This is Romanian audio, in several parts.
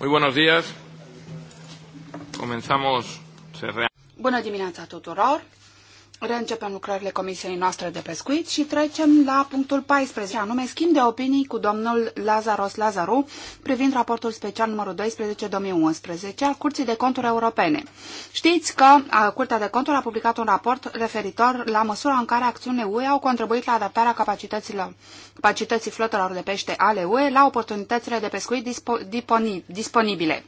Muy buenos días. Comenzamos. Bună dimineața tuturor. Reîncepem lucrările Comisiei noastre de pescuit și trecem la punctul 14, anume schimb de opinii cu domnul Lazaros Lazaru privind raportul special numărul 12-2011 al Curții de Conturi Europene. Știți că Curtea de Conturi a publicat un raport referitor la măsura în care acțiunile UE au contribuit la adaptarea capacităților, capacității flotelor de pește ale UE la oportunitățile de pescuit disponibile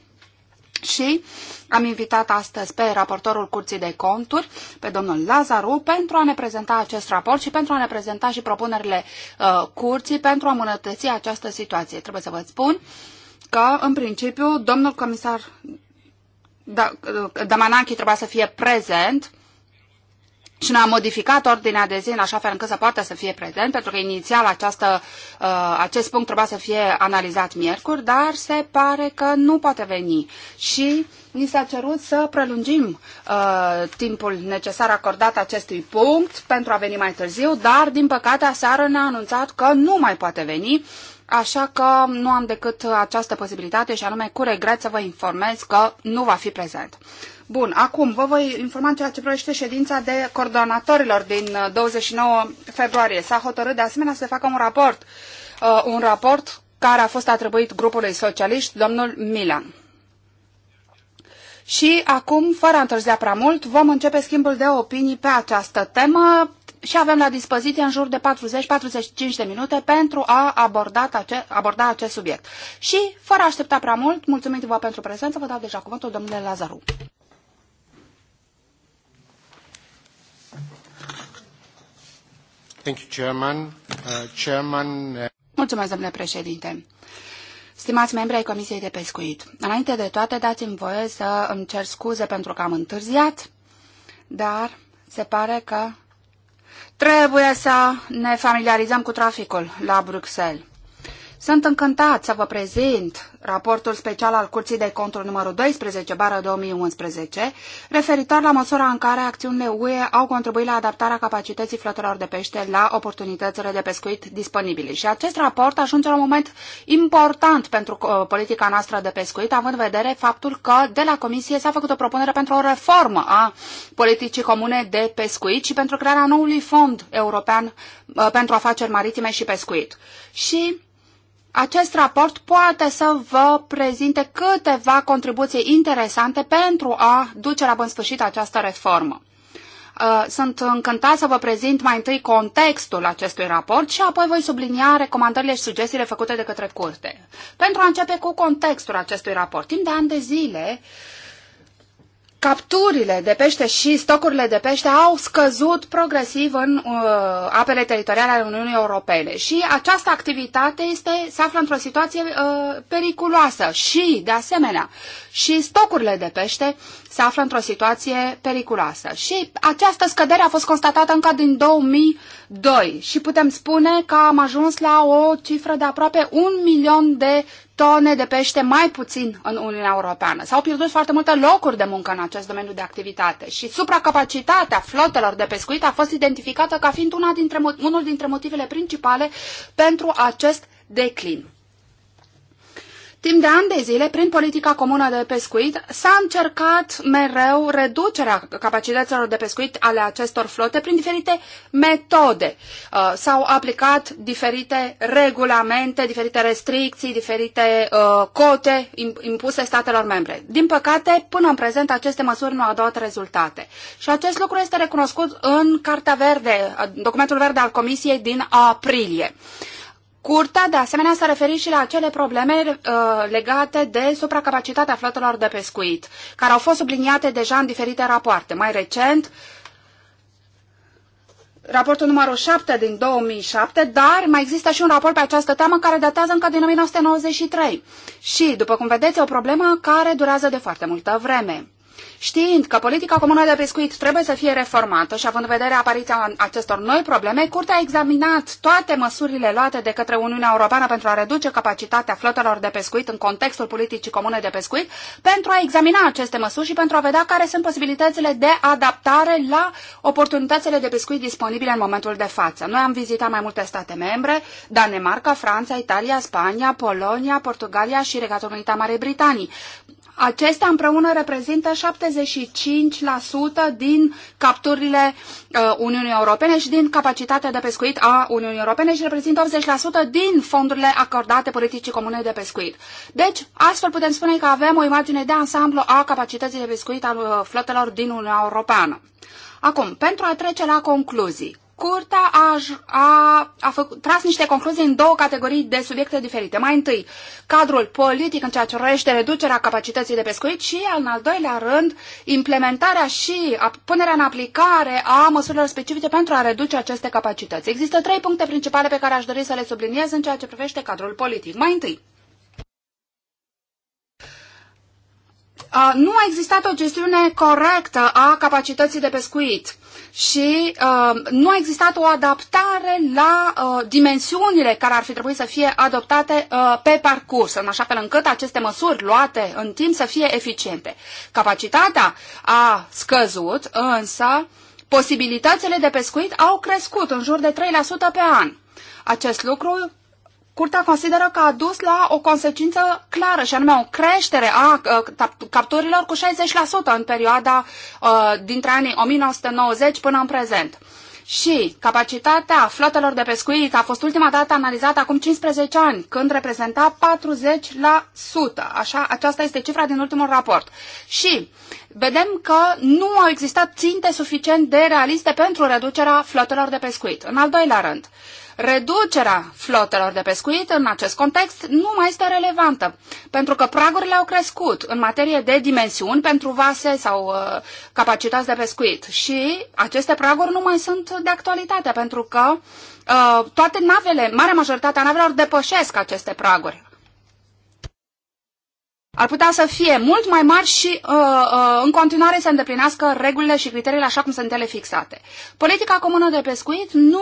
și am invitat astăzi pe raportorul Curții de Conturi, pe domnul Lazaru, pentru a ne prezenta acest raport și pentru a ne prezenta și propunerile uh, Curții pentru a îmbunătăți această situație. Trebuie să vă spun că, în principiu, domnul comisar Damananchi trebuia să fie prezent și ne am modificat ordinea de zi în așa fel încât să poată să fie prezent, pentru că inițial această, uh, acest punct trebuia să fie analizat miercuri, dar se pare că nu poate veni și ni s-a cerut să prelungim uh, timpul necesar acordat acestui punct pentru a veni mai târziu, dar din păcate aseară ne-a anunțat că nu mai poate veni, așa că nu am decât această posibilitate și anume cu regret să vă informez că nu va fi prezent. Bun, acum vă voi informa în ceea ce privește ședința de coordonatorilor din 29 uh, februarie. S-a hotărât de asemenea să facă un raport, uh, un raport care a fost atribuit grupului socialiști, domnul Milan. Și acum, fără a întârzia prea mult, vom începe schimbul de opinii pe această temă și avem la dispoziție în jur de 40-45 de minute pentru a aborda, ace- aborda acest subiect. Și, fără a aștepta prea mult, mulțumim vă pentru prezență, vă dau deja cuvântul domnule Lazaru. Uh, uh, Mulțumesc, domnule președinte. Stimați membri ai Comisiei de Pescuit, înainte de toate dați-mi voie să îmi cer scuze pentru că am întârziat, dar se pare că trebuie să ne familiarizăm cu traficul la Bruxelles. Sunt încântat să vă prezint raportul special al Curții de Conturi numărul 12, bară 2011, referitor la măsura în care acțiunile UE au contribuit la adaptarea capacității flotelor de pește la oportunitățile de pescuit disponibile. Și acest raport ajunge la un moment important pentru uh, politica noastră de pescuit, având în vedere faptul că de la Comisie s-a făcut o propunere pentru o reformă a politicii comune de pescuit și pentru crearea noului fond european uh, pentru afaceri maritime și pescuit. Și acest raport poate să vă prezinte câteva contribuții interesante pentru a duce la bun sfârșit această reformă. Uh, sunt încântat să vă prezint mai întâi contextul acestui raport și apoi voi sublinia recomandările și sugestiile făcute de către curte. Pentru a începe cu contextul acestui raport, timp de ani de zile, uh, capturile de pește și stocurile de pește au scăzut progresiv în uh, apele teritoriale ale Uniunii Europene și această activitate este, se află într-o situație uh, periculoasă și, de asemenea, și stocurile de pește se află într-o situație periculoasă. Și această scădere a fost constatată încă din 2002 și putem spune că am ajuns la o cifră de aproape un milion de tone de pește mai puțin în Uniunea Europeană. S-au pierdut foarte multe locuri de muncă în acest domeniu de activitate și supracapacitatea flotelor de pescuit a fost identificată ca fiind una dintre, unul dintre motivele principale pentru acest declin. Timp de ani de zile, prin politica comună de pescuit, s-a încercat mereu reducerea capacităților de pescuit ale acestor flote prin diferite metode. Uh, s-au aplicat diferite regulamente, diferite restricții, diferite uh, cote impuse statelor membre. Din păcate, până în prezent, aceste măsuri nu au dat rezultate. Și acest lucru este recunoscut în Cartea Verde, uh, documentul verde al Comisiei din aprilie. Curtea, de asemenea, s-a referit și la acele probleme uh, legate de supracapacitatea flotelor de pescuit, care au fost subliniate deja în diferite rapoarte. Mai recent, raportul numărul 7 din 2007, dar mai există și un raport pe această temă care datează încă din 1993. Și, după cum vedeți, e o problemă care durează de foarte multă vreme. Știind că politica comună de pescuit trebuie să fie reformată și având în vedere apariția acestor noi probleme, Curtea a examinat toate măsurile luate de către Uniunea Europeană pentru a reduce capacitatea flotelor de pescuit în contextul politicii comune de pescuit, pentru a examina aceste măsuri și pentru a vedea care sunt posibilitățile de adaptare la oportunitățile de pescuit disponibile în momentul de față. Noi am vizitat mai multe state membre, Danemarca, Franța, Italia, Spania, Polonia, Portugalia și Regatul Unit a Marii Britanii. Acestea împreună reprezintă 75% din capturile uh, Uniunii Europene și din capacitatea de pescuit a Uniunii Europene și reprezintă 80% din fondurile acordate politicii comune de pescuit. Deci, astfel putem spune că avem o imagine de ansamblu a capacității de pescuit al uh, flotelor din Uniunea Europeană. Acum, pentru a trece la concluzii, curtea a, a, a făc, tras niște concluzii în două categorii de subiecte diferite. Mai întâi, cadrul politic în ceea ce urmărește reducerea capacității de pescuit și, în al doilea rând, implementarea și a, punerea în aplicare a măsurilor specifice pentru a reduce aceste capacități. Există trei puncte principale pe care aș dori să le subliniez în ceea ce privește cadrul politic. Mai întâi, nu a existat o gestiune corectă a capacității de pescuit și uh, nu a existat o adaptare la uh, dimensiunile care ar fi trebuit să fie adoptate uh, pe parcurs, în așa fel încât aceste măsuri luate în timp să fie eficiente. Capacitatea a scăzut, însă posibilitățile de pescuit au crescut în jur de 3% pe an. Acest lucru Curtea consideră că a dus la o consecință clară și anume o creștere a uh, capturilor cu 60% în perioada uh, dintre anii 1990 până în prezent. Și capacitatea flotelor de pescuit a fost ultima dată analizată acum 15 ani, când reprezenta 40%. Așa, aceasta este cifra din ultimul raport. Și vedem că nu au existat ținte suficient de realiste pentru reducerea flotelor de pescuit. În al doilea rând, uh, reducerea flotelor de pescuit în acest context nu mai este relevantă, pentru că pragurile au crescut în materie de dimensiuni pentru vase sau uh, capacități de pescuit și aceste praguri nu mai sunt de actualitate, pentru că uh, toate navele, marea majoritatea navelor depășesc aceste praguri ar putea să fie mult mai mari și uh, uh, în continuare să îndeplinească regulile și criteriile așa cum sunt ele fixate. Politica comună de pescuit nu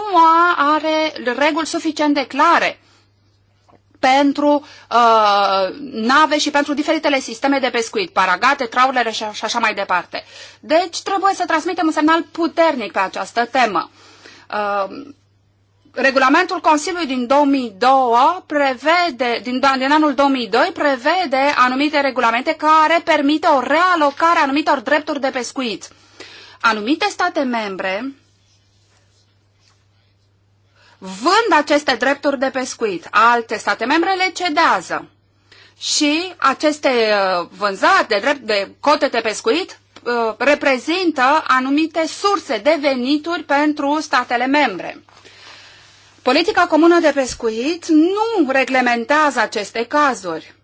are reguli suficient de clare pentru uh, nave și pentru diferitele sisteme de pescuit, paragate, traulere și așa mai departe. Deci trebuie să transmitem un semnal puternic pe această temă. Uh, Regulamentul Consiliului din 2002 prevede, din, din anul 2002 prevede anumite regulamente care permite o realocare a anumitor drepturi de pescuit. Anumite state membre vând aceste drepturi de pescuit, alte state membre le cedează și aceste uh, vânzări de, drept, de cote de pescuit uh, reprezintă anumite surse de venituri pentru statele membre. Politica comună de pescuit nu reglementează aceste cazuri.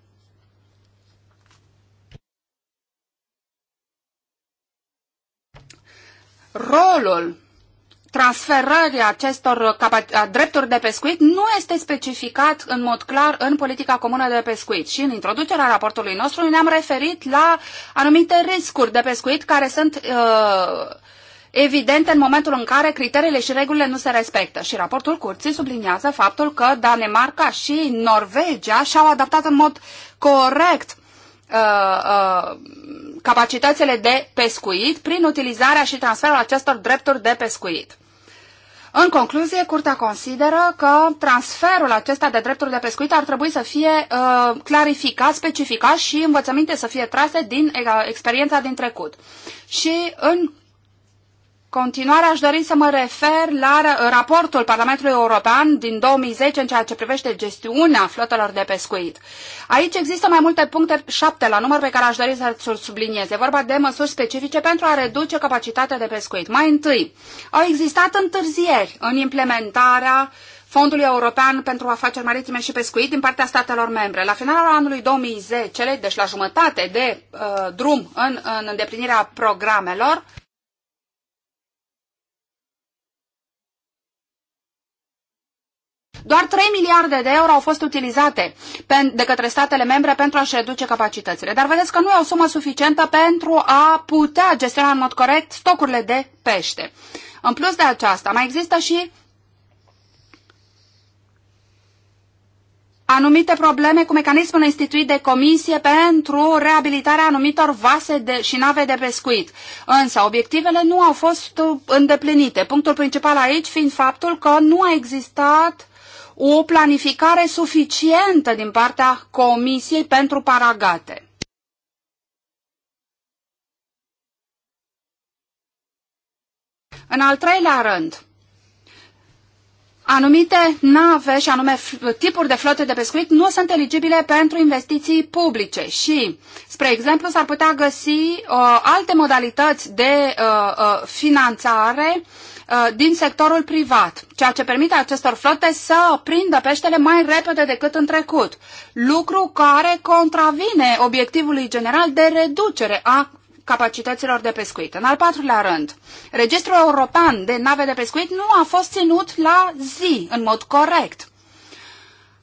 Rolul transferării acestor drepturi de pescuit nu este specificat în mod clar în politica comună de pescuit. Și în introducerea raportului nostru ne-am referit la anumite riscuri de pescuit care sunt uh, Evident, în momentul în care criteriile și regulile nu se respectă. Și raportul curții subliniază faptul că Danemarca și Norvegia și-au adaptat în mod corect uh, uh, capacitățile de pescuit prin utilizarea și transferul acestor drepturi de pescuit. În concluzie, Curtea consideră că transferul acesta de drepturi de pescuit ar trebui să fie uh, clarificat, specificat și învățăminte să fie trase din uh, experiența din trecut. Și în continuare aș dori să mă refer la raportul Parlamentului European din 2010 în ceea ce privește gestiunea flotelor de pescuit. Aici există mai multe puncte, șapte la număr, pe care aș dori să-l subliniez. E vorba de măsuri specifice pentru a reduce capacitatea de pescuit. Mai întâi, au existat întârzieri în implementarea Fondului European pentru Afaceri Maritime și Pescuit din partea statelor membre. La finalul anului 2010, deci la jumătate de uh, drum în, în îndeplinirea programelor, Doar 3 miliarde de euro au fost utilizate de către statele membre pentru a-și reduce capacitățile. Dar vedeți că nu e o sumă suficientă pentru a putea gestiona în mod corect stocurile de pește. În plus de aceasta, mai există și anumite probleme cu mecanismul instituit de comisie pentru reabilitarea anumitor vase de, și nave de pescuit. Însă, obiectivele nu au fost uh, îndeplinite. Punctul principal aici fiind faptul că nu a existat o planificare suficientă din partea Comisiei pentru Paragate. În al treilea rând, anumite nave și anume tipuri de flote de pescuit nu sunt eligibile pentru investiții publice și, spre exemplu, s-ar putea găsi uh, alte modalități de uh, uh, finanțare uh, Uh, din sectorul privat, ceea ce permite acestor flote să prindă peștele mai repede decât în trecut, lucru care contravine obiectivului general de reducere a capacităților de pescuit. În al patrulea rând, registrul european de nave de pescuit nu a fost ținut la zi în mod corect.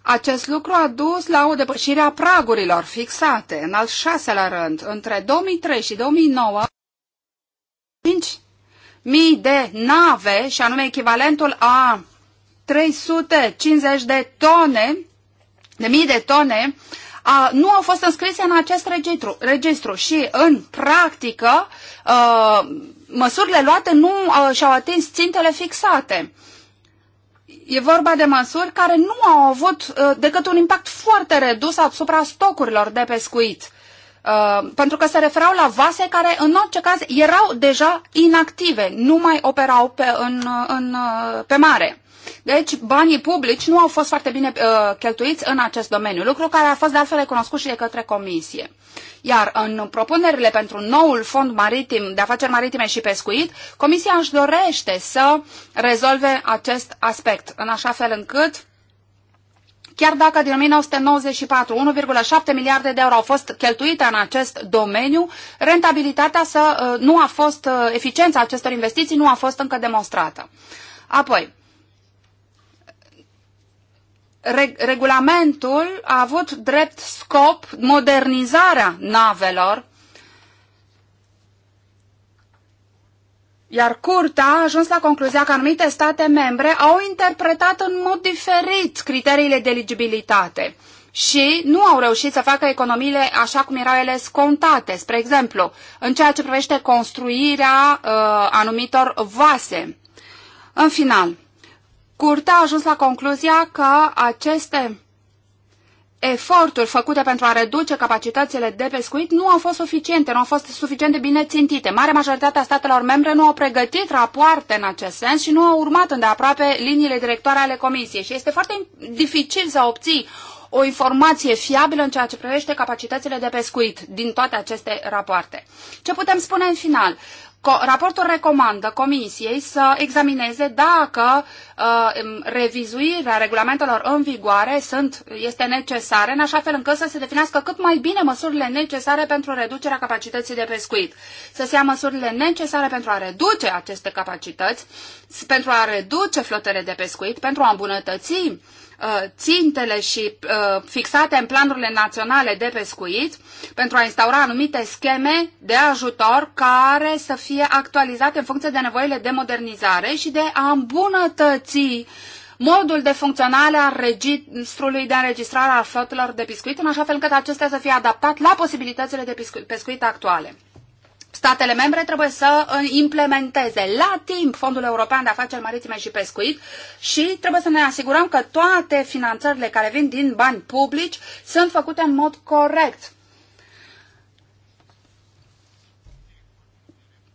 Acest lucru a dus la o depășire a pragurilor fixate. În al șaselea rând, între 2003 și 2009, 5 mii de nave, și anume echivalentul a 350 de tone, de mii de tone, a, nu au fost înscrise în acest registru, registru și, în practică, a, măsurile luate nu a, și-au atins țintele fixate. E vorba de măsuri care nu au avut a, decât un impact foarte redus asupra stocurilor de pescuit. Uh, pentru că se referau la vase care în orice caz erau deja inactive, nu mai operau pe, în, în, uh, pe mare. Deci banii publici nu au fost foarte bine uh, cheltuiți în acest domeniu, lucru care a fost de altfel recunoscut și de către comisie. Iar în propunerile pentru noul fond maritim de afaceri maritime și pescuit, comisia își dorește să rezolve acest aspect, în așa fel încât Chiar dacă din 1994 1,7 miliarde de euro au fost cheltuite în acest domeniu, rentabilitatea să, uh, nu a fost, uh, eficiența acestor investiții nu a fost încă demonstrată. Apoi, regulamentul a avut drept scop modernizarea navelor Iar curtea a ajuns la concluzia că anumite state membre au interpretat în mod diferit criteriile de eligibilitate și nu au reușit să facă economiile așa cum erau ele scontate, spre exemplu, în ceea ce privește construirea uh, anumitor vase. În final, curtea a ajuns la concluzia că aceste eforturi făcute pentru a reduce capacitățile de pescuit nu au fost suficiente, nu au fost suficient de bine țintite. Marea majoritatea statelor membre nu au pregătit rapoarte în acest sens și nu au urmat îndeaproape liniile directoare ale Comisiei și este foarte dificil să obții o informație fiabilă în ceea ce privește capacitățile de pescuit din toate aceste rapoarte. Ce putem spune în final? Raportul recomandă Comisiei să examineze dacă uh, revizuirea regulamentelor în vigoare sunt, este necesară, în așa fel încât să se definească cât mai bine măsurile necesare pentru reducerea capacității de pescuit, să se ia măsurile necesare pentru a reduce aceste capacități, pentru a reduce flotele de pescuit, pentru a îmbunătăți Uh, țintele și uh, fixate în planurile naționale de pescuit pentru a instaura anumite scheme de ajutor care să fie actualizate în funcție de nevoile de modernizare și de a îmbunătăți modul de funcționare al registrului de înregistrare a flotelor de pescuit, în așa fel încât acestea să fie adaptat la posibilitățile de pescuit actuale statele membre trebuie să uh, implementeze la timp Fondul European de Afaceri Maritime și Pescuit și trebuie să ne asigurăm că toate finanțările care vin din bani publici sunt făcute în mod corect.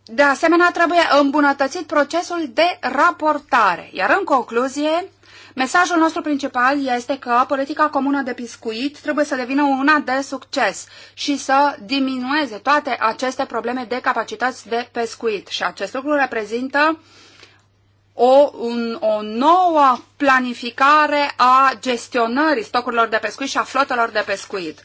De asemenea, trebuie îmbunătățit procesul de raportare. Iar în concluzie, Mesajul nostru principal este că politica comună de piscuit trebuie să devină una de succes și să diminueze toate aceste probleme de capacități de pescuit. Și acest lucru reprezintă o, un, o nouă planificare a gestionării stocurilor de pescuit și a flotelor de pescuit.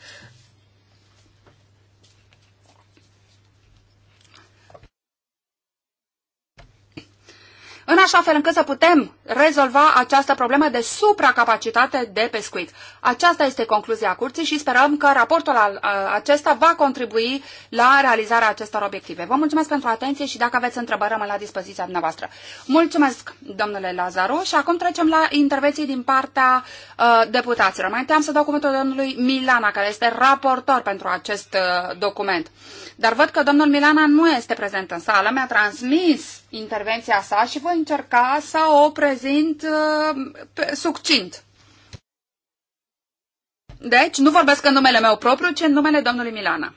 În așa fel încât să putem rezolva această problemă de supracapacitate de pescuit. Aceasta este concluzia curții și sperăm că raportul acesta va contribui la realizarea acestor obiective. Vă mulțumesc pentru atenție și dacă aveți întrebări, rămân la dispoziția dumneavoastră. Mulțumesc, domnule Lazaru, și acum trecem la intervenții din partea uh, deputaților. Mai întâi am să dau cuvântul domnului Milana, care este raportor pentru acest uh, document. Dar văd că domnul Milana nu este prezent în sală, mi-a transmis intervenția sa și voi încerca să o prezint prezint uh, pe, succint. Deci, nu vorbesc în numele meu propriu, ci în numele domnului Milana.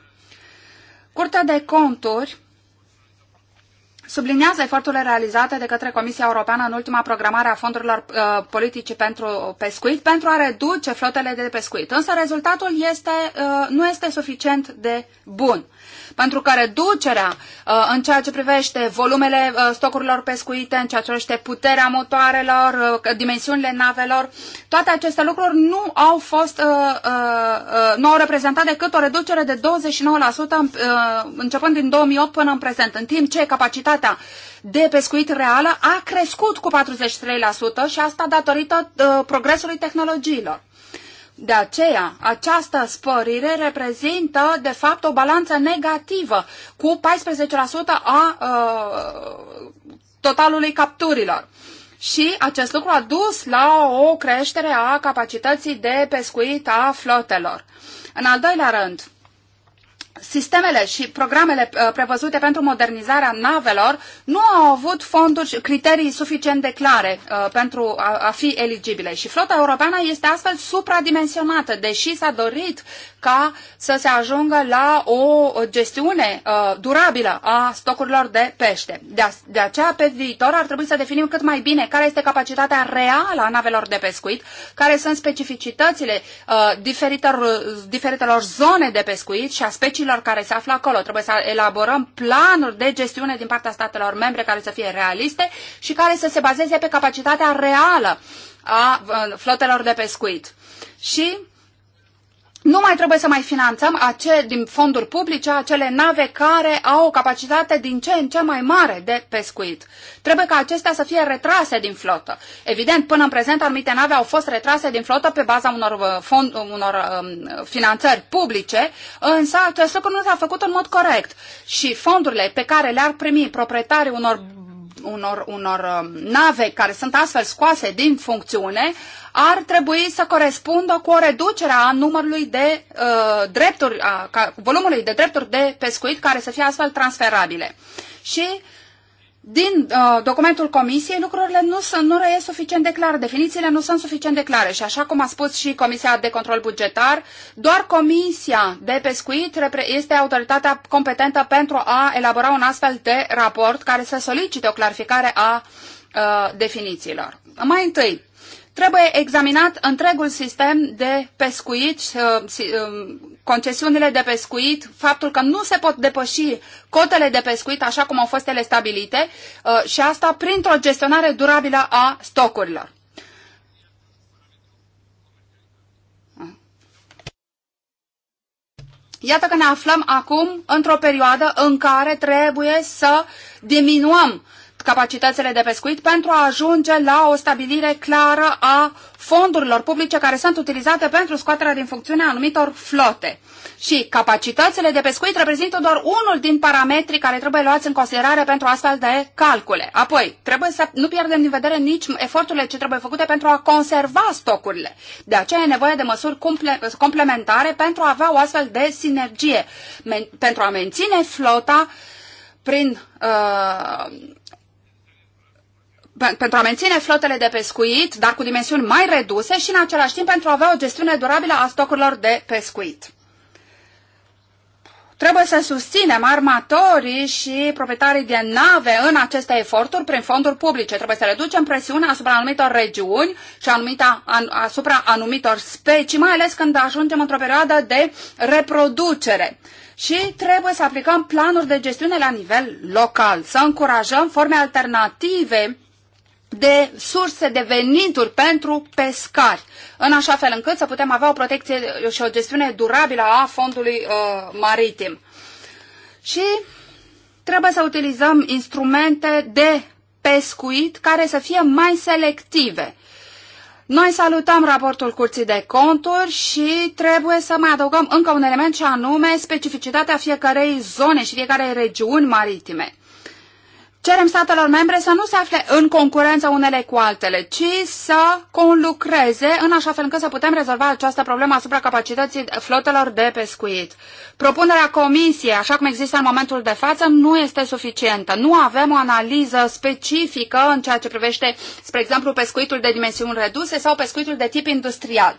Curtea de conturi subliniază eforturile realizate de către Comisia Europeană în ultima programare a fondurilor uh, politice pentru pescuit pentru a reduce flotele de pescuit. Însă rezultatul este, uh, nu este suficient de bun pentru că reducerea uh, în ceea ce privește volumele uh, stocurilor pescuite, în ceea ce privește puterea motoarelor, uh, dimensiunile navelor, toate aceste lucruri nu au fost, nu au reprezentat decât o reducere de 29% începând din 2008 până în prezent, în timp ce capacitatea de pescuit reală a crescut cu 43% și asta datorită progresului tehnologiilor. De aceea, această sporire reprezintă, de fapt, o balanță negativă cu 14% a uh, totalului capturilor. Și acest lucru a dus la o creștere a capacității de pescuit a flotelor. În al doilea rând, Sistemele și programele uh, prevăzute pentru modernizarea navelor nu au avut fonduri, criterii suficient de clare uh, pentru a, a fi eligibile și flota europeană este astfel supradimensionată, deși s-a dorit ca să se ajungă la o gestiune uh, durabilă a stocurilor de pește. De, a, de aceea, pe viitor, ar trebui să definim cât mai bine care este capacitatea reală a navelor de pescuit, care sunt specificitățile uh, diferitelor zone de pescuit și a speciilor oamenilor care se află acolo. Trebuie să elaborăm planuri de gestiune din partea statelor membre care să fie realiste și care să se bazeze pe capacitatea reală a uh, flotelor de pescuit. Și nu mai trebuie să mai finanțăm acele, din fonduri publice acele nave care au o capacitate din ce în ce mai mare de pescuit. Trebuie ca acestea să fie retrase din flotă. Evident, până în prezent anumite nave au fost retrase din flotă pe baza unor, uh, fond, uh, unor uh, um, finanțări publice, însă acest lucru nu s-a făcut în mod corect. Și fondurile pe care le-ar primi proprietarii unor unor, unor um, nave care sunt astfel scoase din funcțiune, ar trebui să corespundă cu o reducere a numărului de uh, drepturi, a, ca, volumului de drepturi de pescuit care să fie astfel transferabile. Și din uh, documentul comisiei, lucrurile nu, sunt, nu e suficient de clare, definițiile nu sunt suficient de clare și așa cum a spus și Comisia de Control Bugetar, doar Comisia de Pescuit este autoritatea competentă pentru a elabora un astfel de raport care să solicite o clarificare a uh, definițiilor. Mai întâi, Trebuie examinat întregul sistem de pescuit, uh, uh, concesiunile de pescuit, faptul că nu se pot depăși cotele de pescuit așa cum au fost ele stabilite uh, și asta printr-o gestionare durabilă a stocurilor. Iată că ne aflăm acum într-o perioadă în care trebuie să diminuăm uh, capacitățile de pescuit pentru a ajunge la o stabilire clară a fondurilor publice care sunt utilizate pentru scoaterea din funcțiune a anumitor flote. Și capacitățile de pescuit reprezintă doar unul din parametrii care trebuie luați în considerare pentru astfel de calcule. Apoi, trebuie să nu pierdem din vedere nici eforturile ce trebuie făcute pentru a conserva stocurile. De aceea e nevoie de măsuri complementare pentru a avea o astfel de sinergie, pentru a menține flota prin uh, pentru a menține flotele de pescuit, dar cu dimensiuni mai reduse și în același timp pentru a avea o gestiune durabilă a stocurilor de pescuit. Trebuie să susținem armatorii și proprietarii de nave în aceste eforturi prin fonduri publice. Trebuie să reducem presiunea asupra anumitor regiuni și anumita, an, asupra anumitor specii, mai ales când ajungem într-o perioadă de reproducere. Și trebuie să aplicăm planuri de gestiune la nivel local, să încurajăm forme alternative de surse de venituri pentru pescari, în așa fel încât să putem avea o protecție și o gestiune durabilă a fondului uh, maritim. Și trebuie să utilizăm instrumente de pescuit care să fie mai selective. Noi salutăm raportul Curții de Conturi și trebuie să mai adăugăm încă un element și anume specificitatea fiecarei zone și fiecarei regiuni maritime cerem statelor membre să nu se afle în concurență unele cu altele, ci să conlucreze în așa fel încât să putem rezolva această problemă asupra capacității flotelor de pescuit. Propunerea comisiei, așa cum există în momentul de față, nu este suficientă. Nu avem o analiză specifică în ceea ce privește, spre exemplu, pescuitul de dimensiuni reduse sau pescuitul de tip industrial.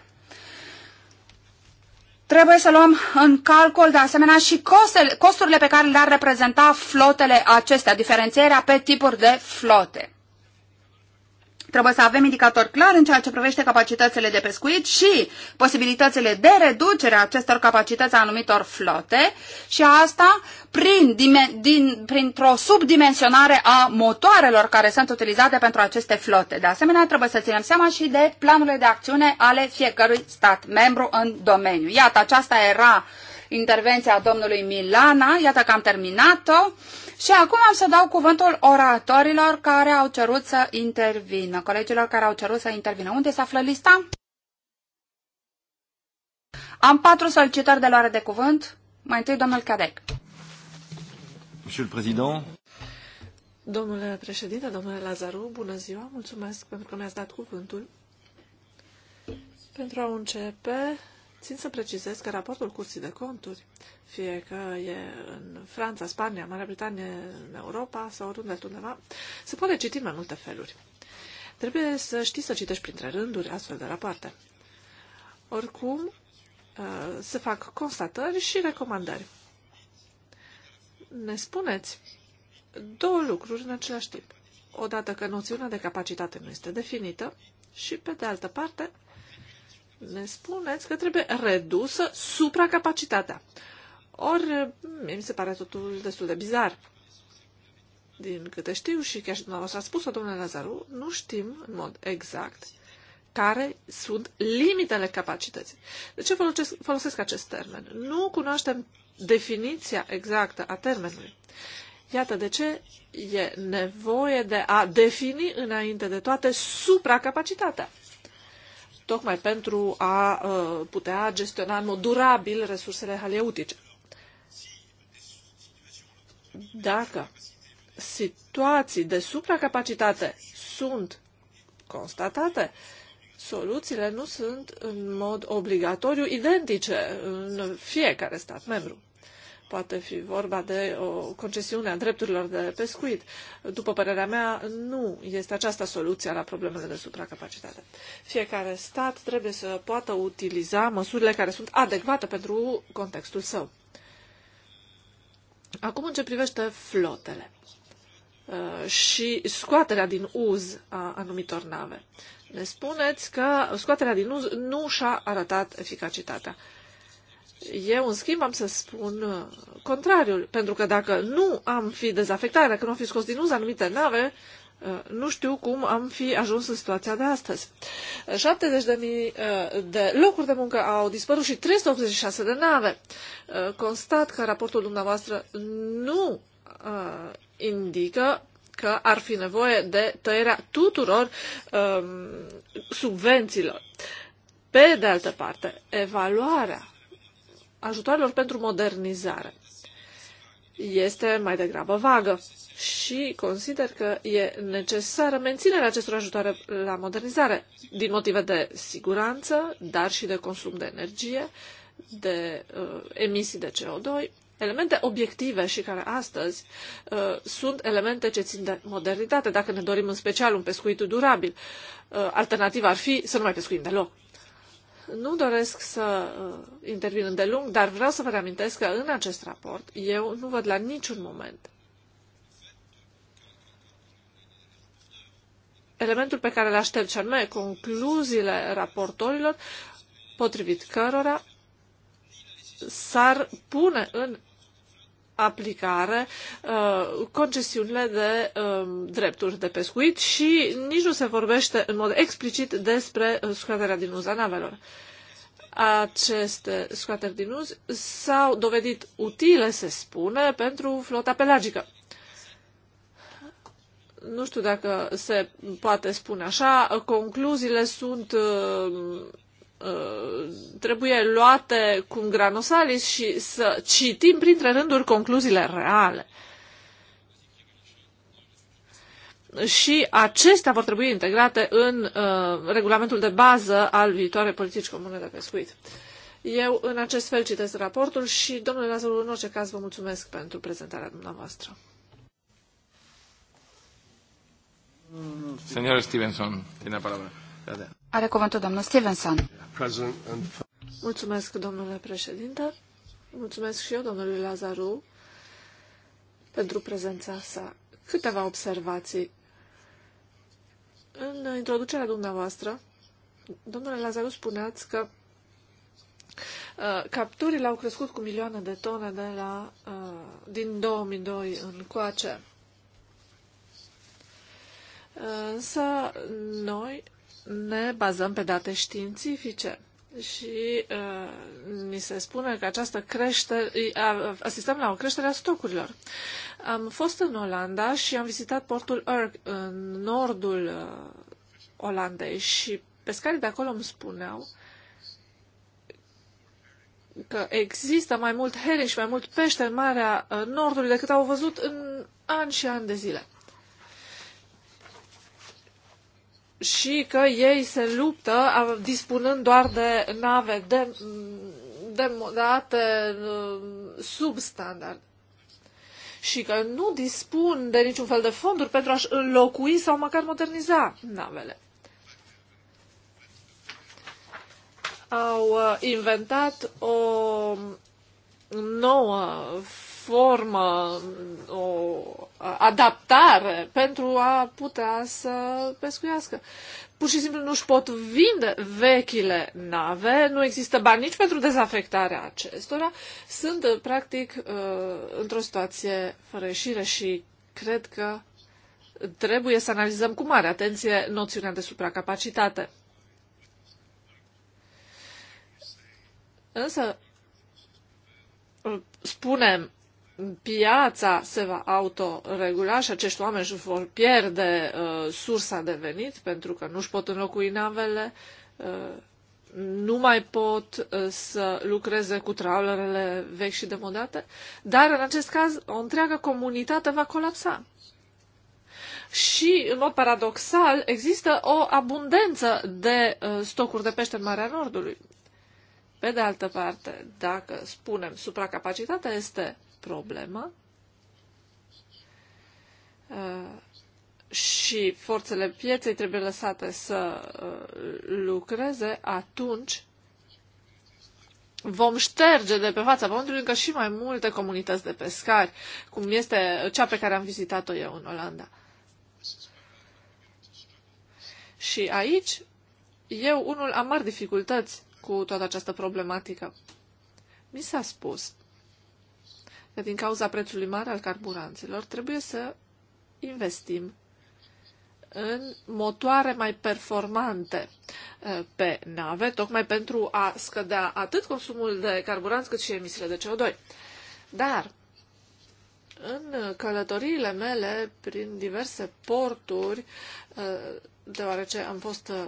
Trebuie să luăm în calcul, de asemenea, și costurile pe care le-ar reprezenta flotele acestea, diferențierea pe tipuri de flote. Trebuie să avem indicatori clari în ceea ce privește capacitățile de pescuit și posibilitățile de reducere a acestor capacități a anumitor flote și asta prin, din, printr-o subdimensionare a motoarelor care sunt utilizate pentru aceste flote. De asemenea, trebuie să ținem seama și de planurile de acțiune ale fiecărui stat membru în domeniu. Iată, aceasta era intervenția domnului Milana, iată că am terminat-o. Și acum am să dau cuvântul oratorilor care au cerut să intervină, colegilor care au cerut să intervină. Unde se află lista? Am patru solicitări de luare de cuvânt. Mai întâi, domnul Cadec. Monsieur le Président. Domnule președinte, domnule Lazaru, bună ziua, mulțumesc pentru că mi-ați dat cuvântul. Pentru a începe, Țin să precizez că raportul Curții de Conturi, fie că e în Franța, Spania, Marea Britanie, în Europa sau oriunde altundeva, se poate citi mai multe feluri. Trebuie să știi să citești printre rânduri astfel de rapoarte. Oricum, uh, se fac constatări și recomandări. Ne spuneți două lucruri în același timp. Odată că noțiunea de capacitate nu este definită și, pe de altă parte, ne spuneți că trebuie redusă supracapacitatea. Ori, mi se pare totul destul de bizar. Din câte știu și chiar și dumneavoastră a spus-o, domnule Lazaru, nu știm în mod exact care sunt limitele capacității. De ce folosesc, folosesc acest termen? Nu cunoaștem definiția exactă a termenului. Iată de ce e nevoie de a defini înainte de toate supracapacitatea tocmai pentru a uh, putea gestiona în mod durabil resursele haleutice. Dacă situații de supracapacitate sunt constatate, soluțiile nu sunt în mod obligatoriu identice în fiecare stat membru. Poate fi vorba de o concesiune a drepturilor de pescuit. După părerea mea, nu este aceasta soluția la problemele de supracapacitate. Fiecare stat trebuie să poată utiliza măsurile care sunt adecvate pentru contextul său. Acum, în ce privește flotele uh, și scoaterea din uz a anumitor nave. Ne spuneți că scoaterea din uz nu și-a arătat eficacitatea. Eu, în schimb, am să spun uh, contrariul, pentru că dacă nu am fi dezafectat, dacă nu am fi scos din uz anumite nave, uh, nu știu cum am fi ajuns în situația de astăzi. 70.000 uh, de locuri de muncă au dispărut și 386 de nave. Constat că raportul dumneavoastră nu indică că ar fi nevoie de tăierea tuturor um, subvențiilor. Pe de altă parte, evaluarea ajutoarelor pentru modernizare este mai degrabă vagă și consider că e necesară menținerea acestor ajutoare la modernizare din motive de siguranță, dar și de consum de energie, de uh, emisii de CO2, elemente obiective și care astăzi uh, sunt elemente ce țin de modernitate, dacă ne dorim în special un pescuit durabil. Uh, alternativa ar fi să nu mai pescuim deloc. Nu doresc să uh, intervin îndelung, dar vreau să vă reamintesc că în acest raport eu nu văd la niciun moment elementul pe care îl aștept, și anume concluziile raportorilor, potrivit cărora s-ar pune în aplicare uh, concesiunile de uh, drepturi de pescuit și nici nu se vorbește în mod explicit despre uh, scoaterea din uz a navelor. Aceste scoateri din uz s-au dovedit utile, se spune, pentru flota pelagică nu știu dacă se poate spune așa, concluziile sunt uh, Uh, trebuie luate cu granosalis și să citim printre rânduri concluziile reale. Și acestea vor trebui integrate în uh, regulamentul de bază al viitoarei politici comune de pescuit. Eu în acest fel citesc raportul și, domnule Lazaru, în orice caz vă mulțumesc pentru prezentarea dumneavoastră. Señor Stevenson, tiene la palabra. Are cuvântul domnul Stevenson. Mulțumesc, domnule președinte. Mulțumesc și eu, domnului Lazaru, pentru prezența sa. Câteva observații. În introducerea dumneavoastră, domnule Lazaru, spuneați că uh, capturile au crescut cu milioane de tone de la, uh, din 2002 coace. Uh, însă noi ne bazăm pe date științifice și uh, se spune că această creștere, asistăm la o creștere a stocurilor. Am fost în Olanda și am vizitat portul Urk în nordul uh, Olandei și pescarii de acolo îmi spuneau că există mai mult hering și mai mult pește în Marea uh, Nordului decât au văzut în ani și ani de zile. și că ei se luptă dispunând doar de nave de, de uh, sub standard și că nu dispun de niciun fel de fonduri pentru a-și înlocui sau măcar moderniza navele. Au uh, inventat o nouă formă, o adaptare pentru a putea să pescuiască. Pur și simplu nu-și pot vinde vechile nave, nu există bani nici pentru dezafectarea acestora, sunt uh, practic uh, într-o situație fără ieșire și cred că trebuie să analizăm cu mare atenție noțiunea de supracapacitate. Însă, spunem piața se va autoregula și acești oameni își vor pierde uh, sursa de venit pentru că nu își pot înlocui navele, uh, nu mai pot uh, să lucreze cu traulerele vechi și demodate, dar în acest caz o întreagă comunitate va colapsa. Și, în mod paradoxal, există o abundență de uh, stocuri de pește în Marea Nordului. Pe de altă parte, dacă spunem supracapacitatea este problemă uh, și forțele pieței trebuie lăsate să uh, lucreze, atunci vom șterge de pe fața pământului încă și mai multe comunități de pescari, cum este cea pe care am vizitat-o eu în Olanda. Și aici, eu unul am mari dificultăți cu toată această problematică. Mi s-a spus că din cauza prețului mare al carburanților trebuie să investim în motoare mai performante uh, pe nave, tocmai pentru a scădea atât consumul de carburanți cât și emisiile de CO2. Dar în călătoriile mele prin diverse porturi, uh, deoarece am fost uh,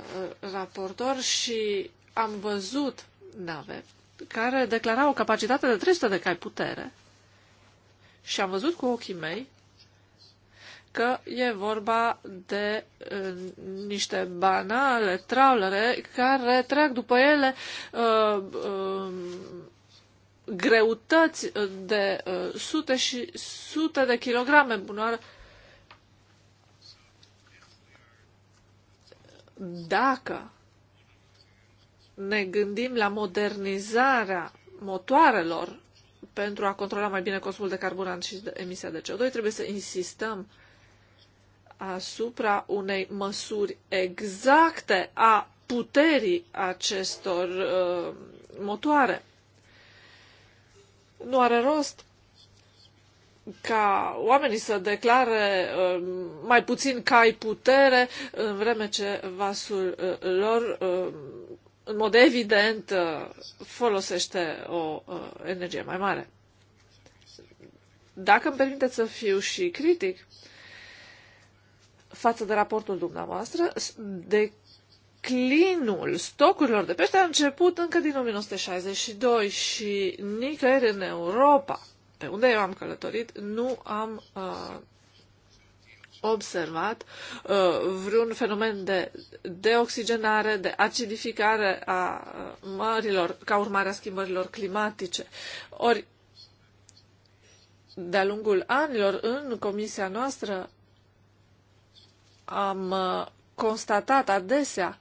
raportor și am văzut nave care declarau o capacitate de 300 de cai putere, și am văzut cu ochii mei că e vorba de uh, niște banale, traulere, care trag după ele uh, uh, greutăți de uh, sute și sute de kilograme bunoare. Dacă ne gândim la modernizarea motoarelor pentru a controla mai bine consumul de carburant și de emisia de CO2, trebuie să insistăm asupra unei măsuri exacte a puterii acestor uh, motoare. Nu are rost ca oamenii să declare uh, mai puțin cai putere, în vreme ce vasul uh, lor uh, în mod evident, uh, folosește o uh, energie mai mare. Dacă îmi permiteți să fiu și critic față de raportul dumneavoastră, de declinul stocurilor de pește a început încă din 1962 și nicăieri în Europa, pe unde eu am călătorit, nu am uh, observat uh, vreun fenomen de deoxigenare, de acidificare a uh, mărilor ca urmare a schimbărilor climatice. Ori, de-a lungul anilor, în comisia noastră am uh, constatat adesea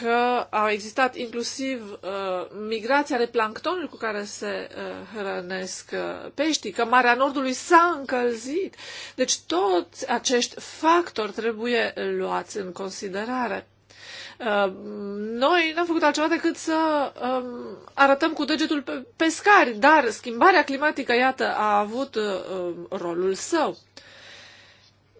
că au existat inclusiv uh, migrația de planctonul cu care se uh, hrănesc uh, peștii, că Marea Nordului s-a încălzit. Deci toți acești factori trebuie luați în considerare. Uh, noi n-am făcut altceva decât să um, uh, arătăm cu degetul pe pescari, dar schimbarea climatică, iată, a avut uh, um, rolul său. Uh,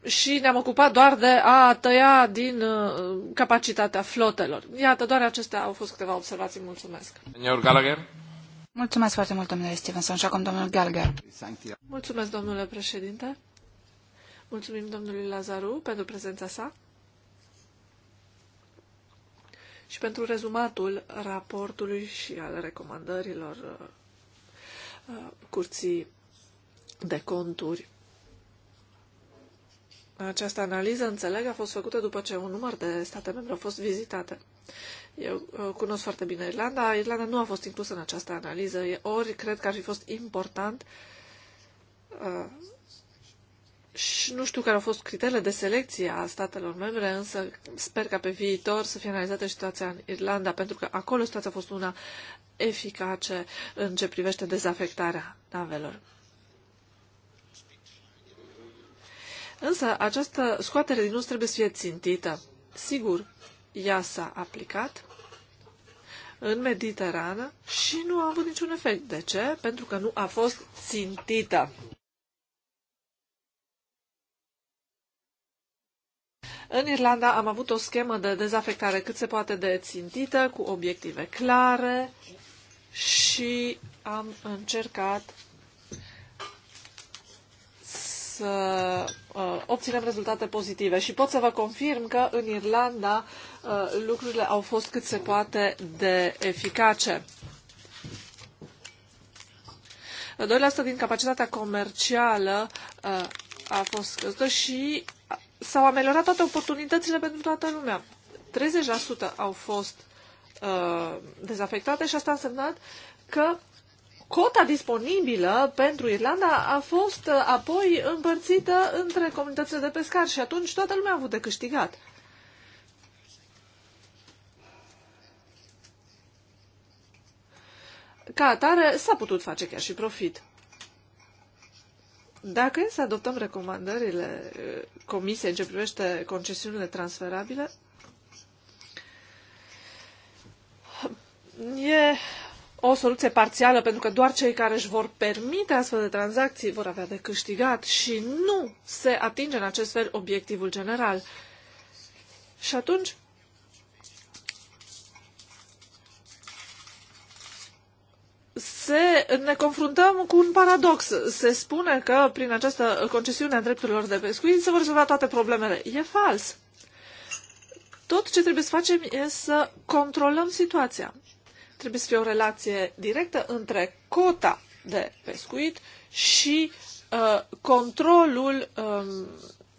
și ne-am ocupat doar de a tăia din uh, capacitatea flotelor. Iată, doar acestea au fost câteva observații. Mulțumesc. Senior Gallagher. Mulțumesc foarte mult, domnule Stevenson, și acum domnul Gallagher. Mulțumesc, domnule președinte. Mulțumim domnului Lazaru pentru prezența sa și pentru rezumatul raportului și al recomandărilor uh, uh, curții de conturi această analiză, înțeleg, a fost făcută după ce un număr de state membre au fost vizitate. Eu uh, cunosc foarte bine Irlanda. Irlanda nu a fost inclusă în această analiză, ori cred că ar fi fost important uh, și nu știu care au fost criteriile de selecție a statelor membre, însă sper ca pe viitor să fie analizată situația în Irlanda, pentru că acolo situația a fost una eficace în ce privește dezafectarea navelor. Însă această scoatere din us trebuie să fie țintită. Sigur, ea s-a aplicat în Mediterană și nu a avut niciun efect. De ce? Pentru că nu a fost țintită. În Irlanda am avut o schemă de dezafectare cât se poate de țintită, cu obiective clare și am încercat să uh, obținem rezultate pozitive. Și pot să vă confirm că în Irlanda uh, lucrurile au fost cât se poate de eficace. 2% din capacitatea comercială uh, a fost scăzută și s-au ameliorat toate oportunitățile pentru toată lumea. 30% au fost uh, dezafectate și asta a însemnat că cota disponibilă pentru Irlanda a fost uh, apoi împărțită între comunitățile de pescar și atunci toată lumea a avut de câștigat. Ca atare s-a putut face chiar și profit. Dacă să adoptăm recomandările uh, Comisiei în ce privește concesiunile transferabile, e o soluție parțială, pentru că doar cei care își vor permite astfel de tranzacții vor avea de câștigat și nu se atinge în acest fel obiectivul general. Și atunci, se, ne confruntăm cu un paradox. Se spune că prin această concesiune a drepturilor de pescuit se vor rezolva toate problemele. E fals. Tot ce trebuie să facem e să controlăm situația. Trebuie să fie o relație directă între cota de pescuit și uh, controlul um,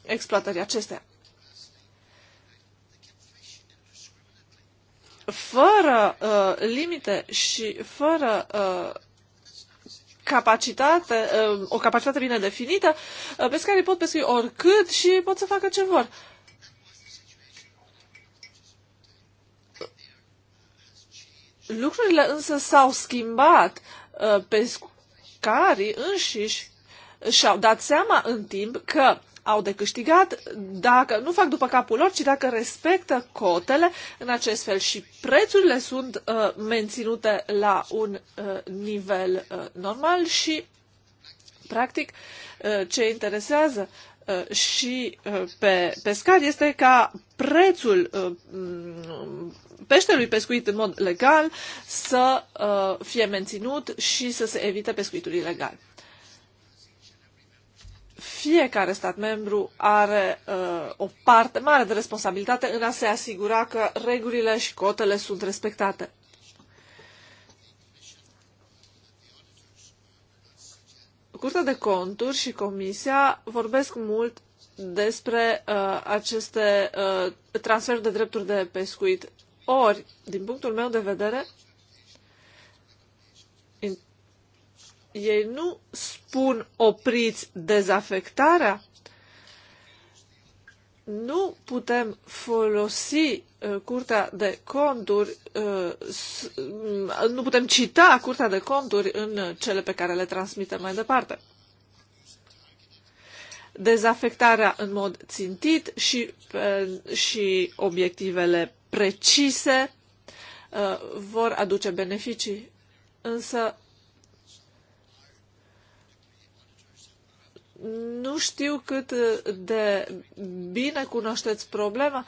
exploatării acestea. Fără uh, limite și fără uh, capacitate, uh, o capacitate bine definită, uh, pescarii pot pescui oricât și pot să facă ce vor. Uh, Lucrurile însă s-au schimbat. pe uh, Pescarii înșiși și-au dat seama în timp că au de câștigat dacă nu fac după capul lor, ci dacă respectă cotele în acest fel și prețurile sunt uh, menținute la un uh, nivel uh, normal și, practic, uh, ce interesează Uh, și uh, pe pescari este ca prețul uh, mm, peștelui pescuit în mod legal să fie menținut și să se evite pescuitul ilegal. Fiecare stat membru are uh, o parte mare de responsabilitate în a se asigura că regulile și cotele sunt respectate. Curtea de Conturi și Comisia vorbesc mult despre uh, aceste uh, transferuri de drepturi de pescuit. Ori, din punctul meu de vedere, ei nu spun opriți dezafectarea nu putem folosi uh, Curtea de Conturi, uh, nu putem cita Curtea de Conturi în uh, cele pe care le transmitem mai departe. Dezafectarea în mod țintit și, uh, și obiectivele precise uh, vor aduce beneficii, însă Nu știu cât de bine cunoașteți problema.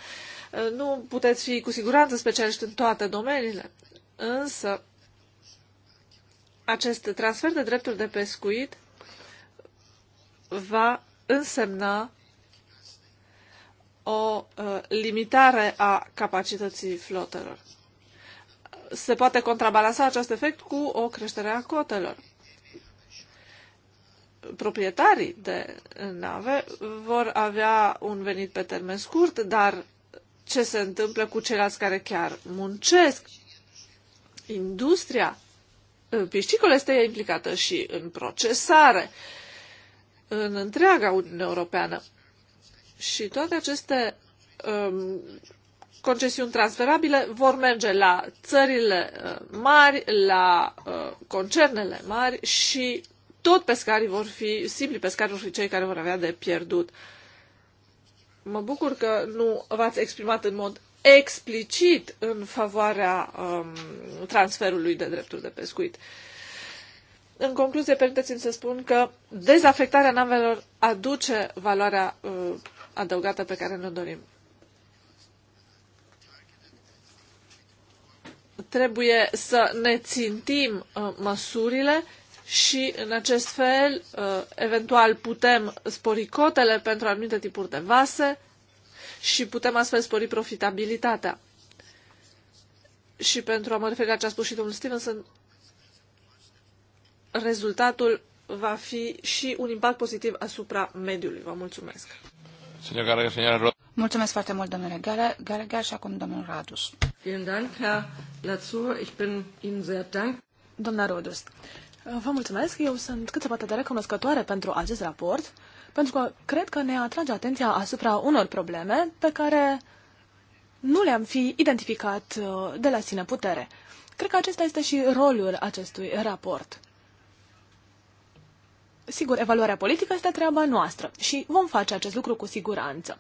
Nu puteți fi cu siguranță specialiști în toate domeniile. Însă, acest transfer de drepturi de pescuit va însemna o uh, limitare a capacității flotelor. Se poate contrabalansa acest efect cu o creștere a cotelor proprietarii de nave vor avea un venit pe termen scurt, dar ce se întâmplă cu ceilalți care chiar muncesc? Industria eh, piscicolă este implicată și în procesare în întreaga Uniune Europeană. Și toate aceste um, concesiuni transferabile vor merge la țările eh, mari, la uh, concernele mari și tot pescarii vor fi, simpli pescari vor fi cei care vor avea de pierdut. Mă bucur că nu v-ați exprimat în mod explicit în favoarea um, transferului de drepturi de pescuit. În concluzie, permiteți-mi să spun că dezafectarea navelor aduce valoarea uh, adăugată pe care ne-o dorim. Trebuie să ne țintim uh, măsurile și în acest fel, uh, eventual, putem spori cotele pentru anumite tipuri de vase și putem astfel spori profitabilitatea. Și pentru a mă referi la ce a spus și domnul Stevenson, rezultatul va fi și un impact pozitiv asupra mediului. Vă mulțumesc! Mulțumesc foarte mult, domnule Galega, și acum domnul Radus. Vielen Dank, Herr Lazur. Ich bin Ihnen sehr dank. Domnul Radus, Vă mulțumesc. Eu sunt cât se poate de recunoscătoare pentru acest raport, pentru că cred că ne atrage atenția asupra unor probleme pe care nu le-am fi identificat uh, de la sine putere. Cred că acesta este și rolul acestui raport. Sigur, evaluarea politică este treaba noastră și vom face acest lucru cu siguranță.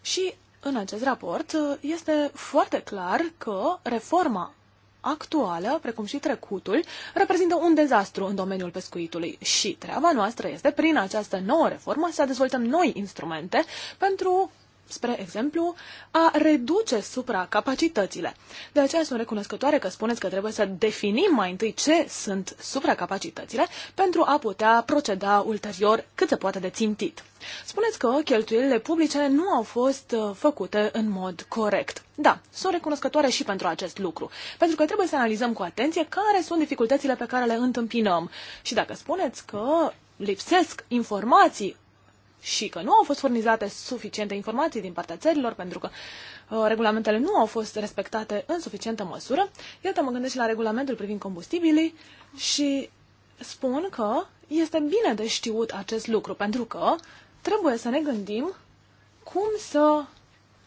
Și în acest raport uh, este foarte clar că reforma actuală, precum și trecutul, reprezintă un dezastru în domeniul pescuitului și treaba noastră este, prin această nouă reformă, să dezvoltăm noi instrumente pentru spre exemplu, a reduce supracapacitățile. De aceea sunt recunoscătoare că spuneți că trebuie să definim mai întâi ce sunt supracapacitățile pentru a putea proceda ulterior cât se poate de țintit. Spuneți că cheltuielile publice nu au fost uh, făcute în mod corect. Da, sunt recunoscătoare și pentru acest lucru, pentru că trebuie să analizăm cu atenție care sunt dificultățile pe care le întâmpinăm. Și dacă spuneți că lipsesc informații și că nu au fost furnizate suficiente informații din partea țărilor pentru că uh, regulamentele nu au fost respectate în suficientă măsură. Iată, mă gândesc și la regulamentul privind combustibilii și spun că este bine de știut acest lucru pentru că trebuie să ne gândim cum să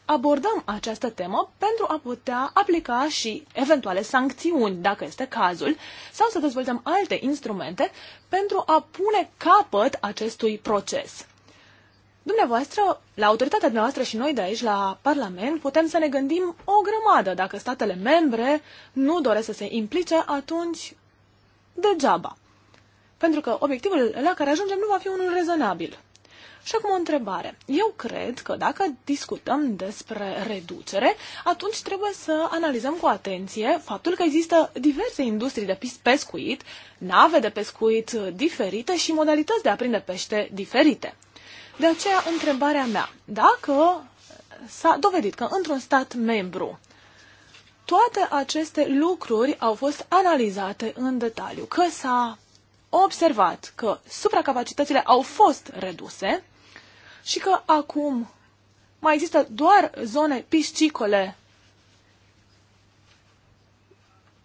abordăm această temă pentru a putea aplica și eventuale sancțiuni, dacă este cazul, sau să dezvoltăm alte instrumente pentru a pune capăt acestui proces. Dumneavoastră, la autoritatea dumneavoastră și noi de aici, la Parlament, putem să ne gândim o grămadă. Dacă statele membre nu doresc să se implice, atunci degeaba. Pentru că obiectivul la care ajungem nu va fi unul rezonabil. Și acum o întrebare. Eu cred că dacă discutăm despre reducere, atunci trebuie să analizăm cu atenție faptul că există diverse industrii de pescuit, nave de pescuit diferite și modalități de a prinde pește diferite. De aceea, întrebarea mea, dacă s-a dovedit că într-un stat membru toate aceste lucruri au fost analizate în detaliu, că s-a observat că supracapacitățile au fost reduse și că acum mai există doar zone piscicole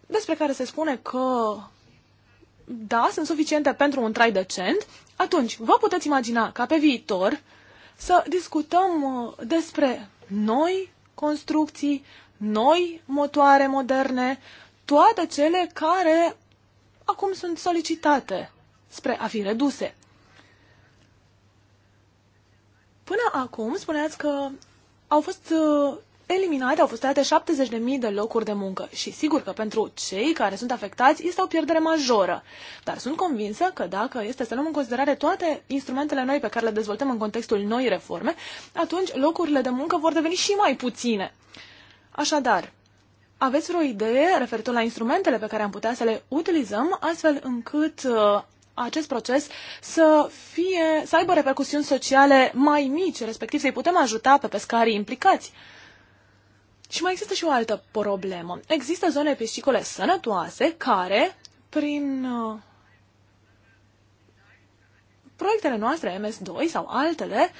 despre care se spune că da, sunt suficiente pentru un trai decent, atunci, vă puteți imagina ca pe viitor să discutăm uh, despre noi construcții, noi motoare moderne, toate cele care acum sunt solicitate spre a fi reduse. Până acum spuneați că au fost uh, eliminate, au fost tăiate 70.000 de locuri de muncă și sigur că pentru cei care sunt afectați este o pierdere majoră. Dar sunt convinsă că dacă este să luăm în considerare toate instrumentele noi pe care le dezvoltăm în contextul noi reforme, atunci locurile de muncă vor deveni și mai puține. Așadar, aveți vreo idee referitor la instrumentele pe care am putea să le utilizăm astfel încât uh, acest proces să, fie, să aibă repercusiuni sociale mai mici, respectiv să-i putem ajuta pe pescarii implicați? Și mai există și o altă problemă. Există zone piscicole sănătoase care, prin uh, proiectele noastre MS2 sau altele,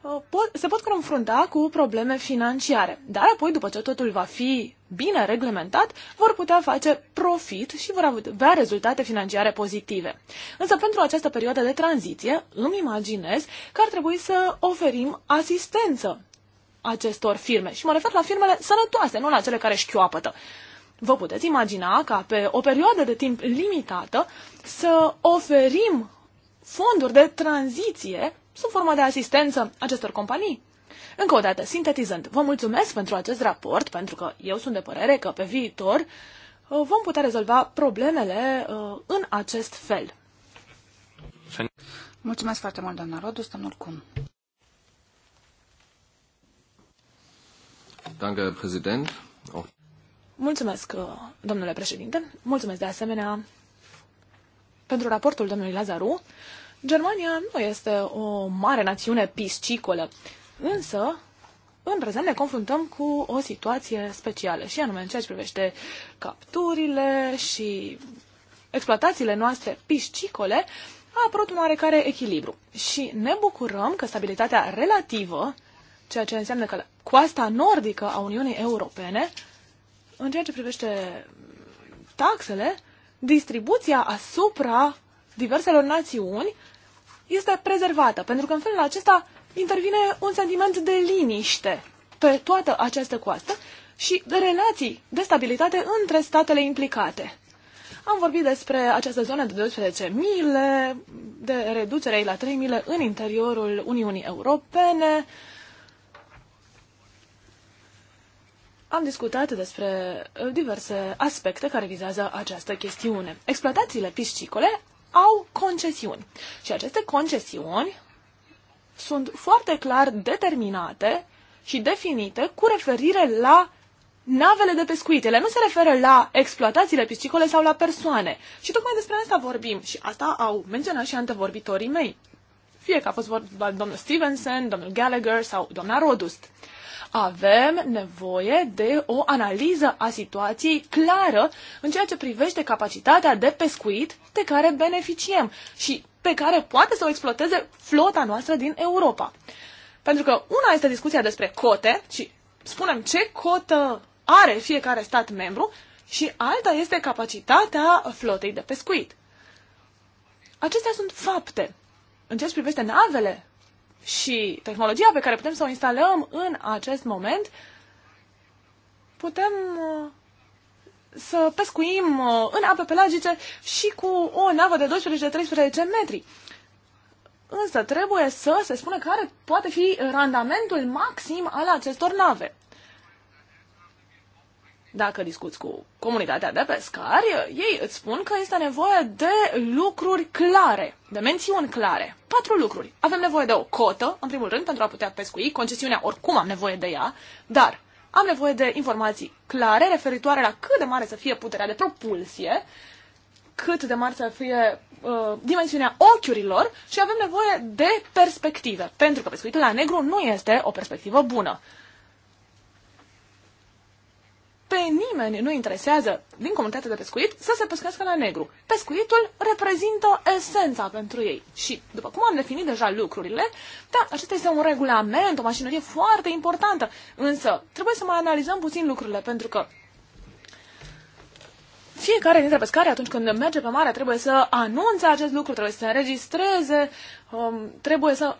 uh, pot, se pot confrunta cu probleme financiare. Dar apoi, după ce totul va fi bine reglementat, vor putea face profit și vor avea rezultate financiare pozitive. Însă, pentru această perioadă de tranziție, îmi imaginez că ar trebui să oferim asistență acestor firme. Și mă refer la firmele sănătoase, nu la cele care șchioapătă. Vă puteți imagina ca pe o perioadă de timp limitată să oferim fonduri de tranziție sub formă de asistență acestor companii? Încă o dată, sintetizând, vă mulțumesc pentru acest raport, pentru că eu sunt de părere că pe viitor uh, vom putea rezolva problemele uh, în acest fel. Mulțumesc foarte mult, doamna Rodus, domnul Cum. Mulțumesc, uh, domnule președinte. Mulțumesc de asemenea pentru raportul domnului Lazaru. Germania nu este o mare națiune piscicolă, însă în prezent ne confruntăm cu o situație specială și anume în ceea ce privește capturile și exploatațiile noastre piscicole, a apărut un oarecare echilibru și ne bucurăm că stabilitatea relativă ceea ce înseamnă că coasta nordică a Uniunii Europene, în ceea ce privește taxele, distribuția asupra diverselor națiuni este prezervată, pentru că în felul acesta intervine un sentiment de liniște pe toată această coastă și de relații de stabilitate între statele implicate. Am vorbit despre această zonă de 12.000, de de reducere la 3.000 în interiorul Uniunii Europene, am discutat despre uh, diverse aspecte care vizează această chestiune. Exploatațiile piscicole au concesiuni și aceste concesiuni sunt foarte clar determinate și definite cu referire la navele de pescuit. Ele nu se referă la exploatațiile piscicole sau la persoane. Și tocmai despre asta vorbim și asta au menționat și antevorbitorii mei. Fie că a fost vorba domnul Stevenson, domnul Gallagher sau doamna Rodust avem nevoie de o analiză a situației clară în ceea ce privește capacitatea de pescuit de care beneficiem și pe care poate să o exploateze flota noastră din Europa. Pentru că una este discuția despre cote și spunem ce cotă are fiecare stat membru și alta este capacitatea flotei de pescuit. Acestea sunt fapte. În ceea ce privește navele și tehnologia pe care putem să o instalăm în acest moment, putem uh, să pescuim uh, în ape pelagice și cu o navă de 12-13 metri. Însă trebuie să se spună care poate fi randamentul maxim al acestor nave. Dacă discuți cu comunitatea de pescari, ei îți spun că este nevoie de lucruri clare, de mențiuni clare. Patru lucruri. Avem nevoie de o cotă, în primul rând, pentru a putea pescui. Concesiunea oricum am nevoie de ea, dar am nevoie de informații clare referitoare la cât de mare să fie puterea de propulsie, cât de mare să fie uh, dimensiunea ochiurilor și avem nevoie de perspective, pentru că pescuitul la negru nu este o perspectivă bună pe nimeni nu interesează din comunitatea de pescuit să se pescuiască la negru. Pescuitul reprezintă esența pentru ei. Și, după cum am definit deja lucrurile, da, acesta este un regulament, o mașinărie foarte importantă. Însă, trebuie să mai analizăm puțin lucrurile, pentru că fiecare dintre pescari, atunci când merge pe mare, trebuie să anunțe acest lucru, trebuie să se înregistreze, um, trebuie să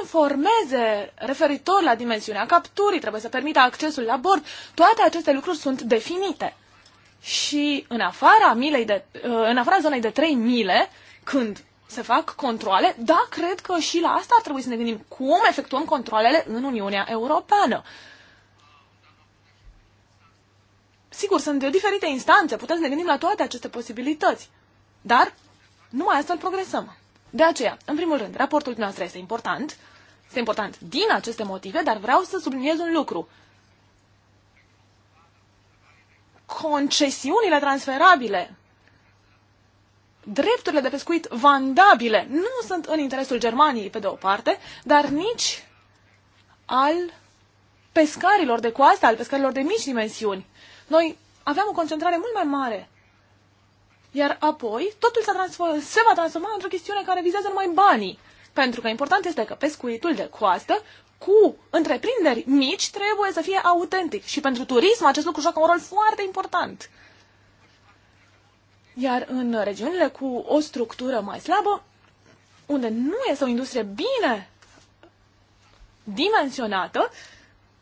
informeze referitor la dimensiunea capturii, trebuie să permită accesul la bord. Toate aceste lucruri sunt definite. Și în afara, milei de, uh, în afara zonei de 3 mile, când se fac controle, da, cred că și la asta trebuie să ne gândim cum efectuăm controlele în Uniunea Europeană. Sigur, sunt de diferite instanțe, putem să ne gândim la toate aceste posibilități, dar numai astfel progresăm. De aceea, în primul rând, raportul dumneavoastră este important, este important din aceste motive, dar vreau să subliniez un lucru. Concesiunile transferabile, drepturile de pescuit vandabile, nu sunt în interesul Germaniei, pe de o parte, dar nici al pescarilor de coastă, al pescarilor de mici dimensiuni. Noi aveam o concentrare mult mai mare iar apoi, totul se va transforma într-o chestiune care vizează numai banii. Pentru că important este că pescuitul de coastă cu întreprinderi mici trebuie să fie autentic. Și pentru turism acest lucru joacă un rol foarte important. Iar în regiunile cu o structură mai slabă, unde nu este o industrie bine dimensionată,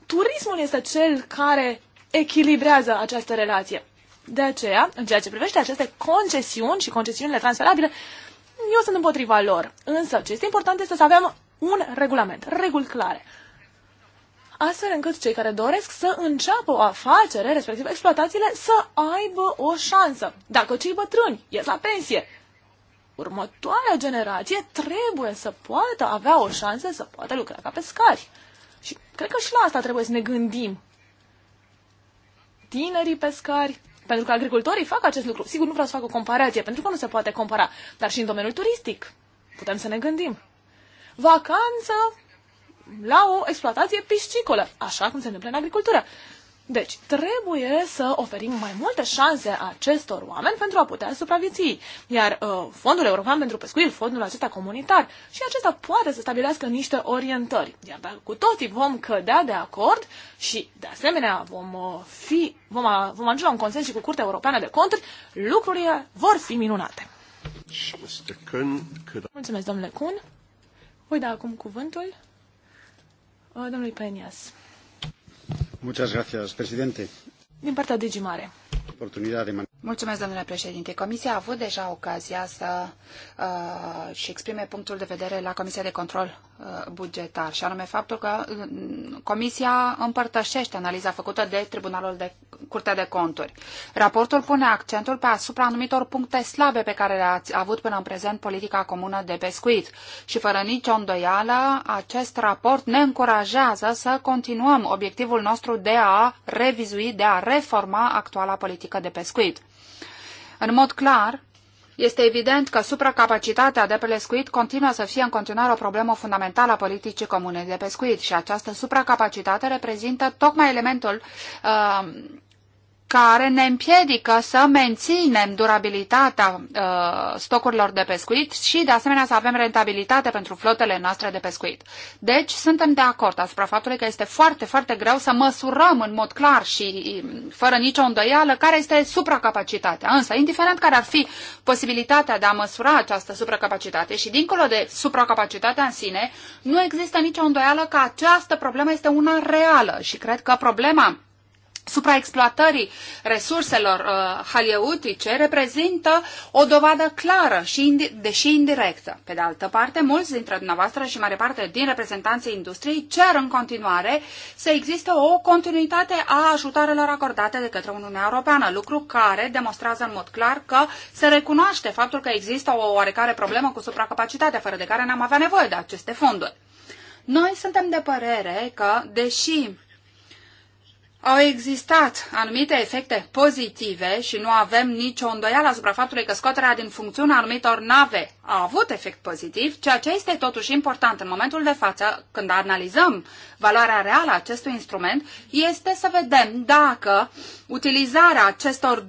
turismul este cel care echilibrează această relație. De aceea, în ceea ce privește aceste concesiuni și concesiunile transferabile, eu sunt împotriva lor. Însă, ce este important este să avem un regulament, reguli clare. Astfel încât cei care doresc să înceapă o afacere, respectiv exploatațiile, să aibă o șansă. Dacă cei bătrâni ies la pensie, următoarea generație trebuie să poată avea o șansă să poată lucra ca pescari. Și cred că și la asta trebuie să ne gândim. Tinerii pescari pentru că agricultorii fac acest lucru. Sigur, nu vreau să fac o comparație, pentru că nu se poate compara. Dar și în domeniul turistic putem să ne gândim. Vacanță la o exploatație piscicolă, așa cum se întâmplă în agricultură. Deci, trebuie să oferim mai multe șanse acestor oameni pentru a putea supraviețui. Iar uh, Fondul European pentru Pescuit, fondul acesta comunitar, și acesta poate să stabilească niște orientări. Iar dacă cu toții vom cădea de acord și, de asemenea, vom, uh, fi, vom, a, vom ajunge la un consens și cu Curtea Europeană de Conturi, lucrurile vor fi minunate. Mulțumesc, domnule Kuhn. Voi da acum cuvântul uh, domnului Penias. Muchas gracias, presidente. Din partea Digimare. Mulțumesc, domnule președinte. Comisia a avut deja ocazia să uh, și exprime punctul de vedere la Comisia de Control bugetar, și anume faptul că Comisia împărtășește analiza făcută de Tribunalul de Curte de Conturi. Raportul pune accentul pe asupra anumitor puncte slabe pe care le-a avut până în prezent politica comună de pescuit și fără nicio îndoială, acest raport ne încurajează să continuăm obiectivul nostru de a revizui, de a reforma actuala politică de pescuit. În mod clar, este evident că supracapacitatea de pescuit continuă să fie în continuare o problemă fundamentală a politicii comune de pescuit și această supracapacitate reprezintă tocmai elementul uh, care ne împiedică să menținem durabilitatea uh, stocurilor de pescuit și, de asemenea, să avem rentabilitate pentru flotele noastre de pescuit. Deci, suntem de acord asupra faptului că este foarte, foarte greu să măsurăm în mod clar și um, fără nicio îndoială care este supracapacitatea. Însă, indiferent care ar fi posibilitatea de a măsura această supracapacitate și, dincolo de supracapacitatea în sine, nu există nicio îndoială că această problemă este una reală și cred că problema supraexploatării resurselor uh, haleutice reprezintă o dovadă clară, și indi- deși indirectă. Pe de altă parte, mulți dintre dumneavoastră și mare parte din reprezentanții industriei cer în continuare să existe o continuitate a ajutoarelor acordate de către Uniunea Europeană, lucru care demonstrează în mod clar că se recunoaște faptul că există o oarecare problemă cu supracapacitatea, fără de care n-am avea nevoie de aceste fonduri. Noi suntem de părere că, deși au existat anumite efecte pozitive și nu avem nicio îndoială asupra faptului că scoaterea din funcțiune a anumitor nave a avut efect pozitiv, ceea ce este totuși important în momentul de față, când analizăm valoarea reală a acestui instrument, este să vedem dacă utilizarea acestor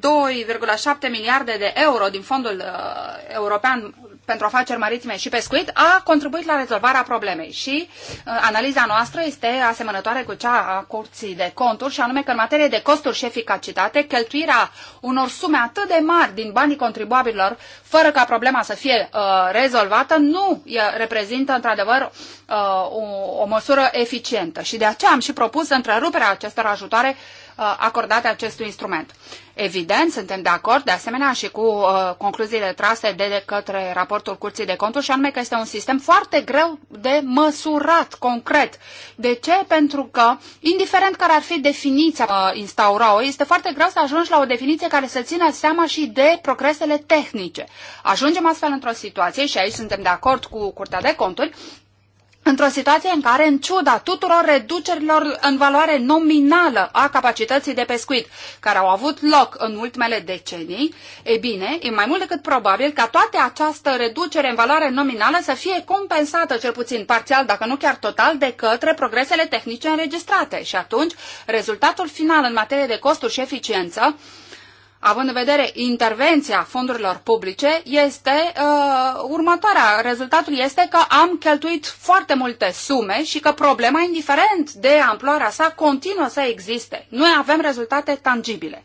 2,7 miliarde de euro din Fondul uh, European pentru afaceri maritime și pescuit a contribuit la rezolvarea problemei și uh, analiza noastră este asemănătoare cu cea a Curții de Conturi și anume că în materie de costuri și eficacitate, cheltuirea unor sume atât de mari din banii contribuabililor fără ca problema să fie uh, rezolvată nu reprezintă într-adevăr uh, o, o măsură eficientă și de aceea am și propus întreruperea acestor ajutoare uh, Uh, acordate acestui instrument. Evident, suntem de acord, de asemenea, și cu uh, concluziile trase de, de către raportul Curții de Conturi, și anume că este un sistem foarte greu de măsurat, concret. De ce? Pentru că, indiferent care ar fi definiția uh, instaura-o, este foarte greu să ajungi la o definiție care să țină seama și de progresele tehnice. Ajungem astfel într-o situație, și aici suntem de acord cu Curtea de Conturi, într-o situație în care, în ciuda tuturor reducerilor în valoare nominală a capacității de pescuit care au avut loc în ultimele decenii, e bine, e mai mult decât probabil ca toate această reducere în valoare nominală să fie compensată, cel puțin parțial, dacă nu chiar total, de către progresele tehnice înregistrate. Și atunci, rezultatul final în materie de costuri și eficiență având în vedere intervenția fondurilor publice, este uh, următoarea. Rezultatul este că am cheltuit foarte multe sume și că problema, indiferent de amploarea sa, continuă să existe. Noi avem rezultate tangibile.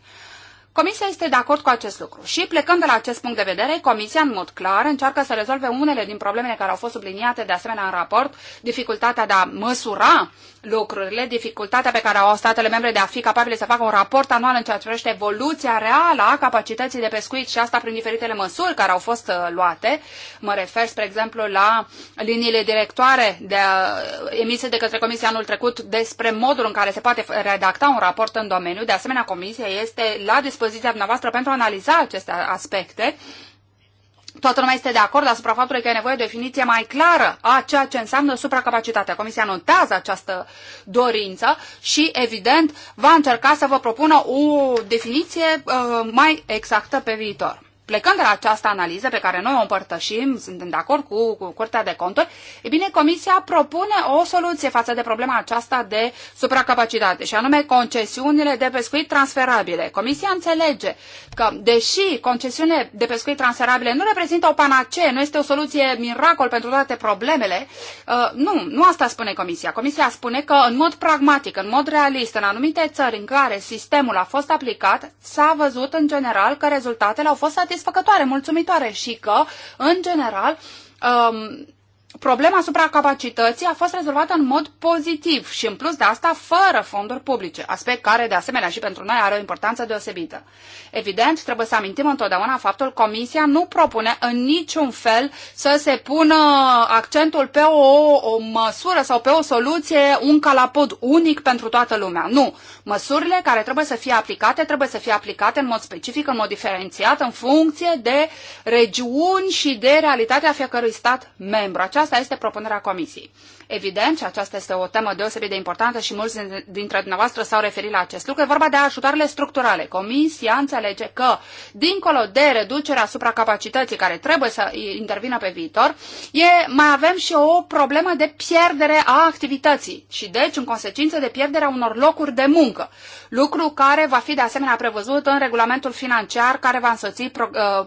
Comisia este de acord cu acest lucru și, plecând de la acest punct de vedere, Comisia, în mod clar, încearcă să rezolve unele din problemele care au fost subliniate de asemenea în raport, dificultatea de a măsura lucrurile, dificultatea pe care au statele membre de a fi capabile să facă un raport anual în ceea ce privește evoluția reală a capacității de pescuit și asta prin diferitele măsuri care au fost uh, luate. Mă refer, spre exemplu, la liniile directoare de, uh, emise de către Comisia anul trecut despre modul în care se poate redacta un raport în domeniu. De asemenea, Comisia este la dispoziție dispoziția dumneavoastră pentru a analiza aceste aspecte. Toată lumea este de acord asupra faptului că e nevoie de o definiție mai clară a ceea ce înseamnă supracapacitatea. Comisia notează această dorință și, evident, va încerca să vă propună o definiție uh, mai exactă pe viitor plecând de la această analiză pe care noi o împărtășim, suntem de acord cu, cu Curtea de Conturi, e bine, Comisia propune o soluție față de problema aceasta de supracapacitate, și anume concesiunile de pescuit transferabile. Comisia înțelege că, deși concesiunile de pescuit transferabile nu reprezintă o panacee, nu este o soluție miracol pentru toate problemele, uh, nu, nu asta spune Comisia. Comisia spune că, în mod pragmatic, în mod realist, în anumite țări în care sistemul a fost aplicat, s-a văzut, în general, că rezultatele au fost satisfăcute satisfăcătoare, mulțumitoare și că, în general, um, problema supracapacității a fost rezolvată în mod pozitiv și în plus de asta fără fonduri publice, aspect care de asemenea și pentru noi are o importanță deosebită. Evident, trebuie să amintim întotdeauna faptul că Comisia nu propune în niciun fel să se pună accentul pe o, o măsură sau pe o soluție, un calapod unic pentru toată lumea. Nu. Măsurile care trebuie să fie aplicate trebuie să fie aplicate în mod specific, în mod diferențiat, în funcție de regiuni și de realitatea fiecărui stat membru. Aceasta este propunerea Comisiei. Evident, și aceasta este o temă deosebit de importantă și mulți dintre dumneavoastră s-au referit la acest lucru, e vorba de ajutoarele structurale. Comisia înțelege că, dincolo de reducerea supracapacității care trebuie să intervină pe viitor, e, mai avem și o problemă de pierdere a activității și, deci, în consecință, de pierderea unor locuri de muncă, lucru care va fi, de asemenea, prevăzut în regulamentul financiar care va însoți uh,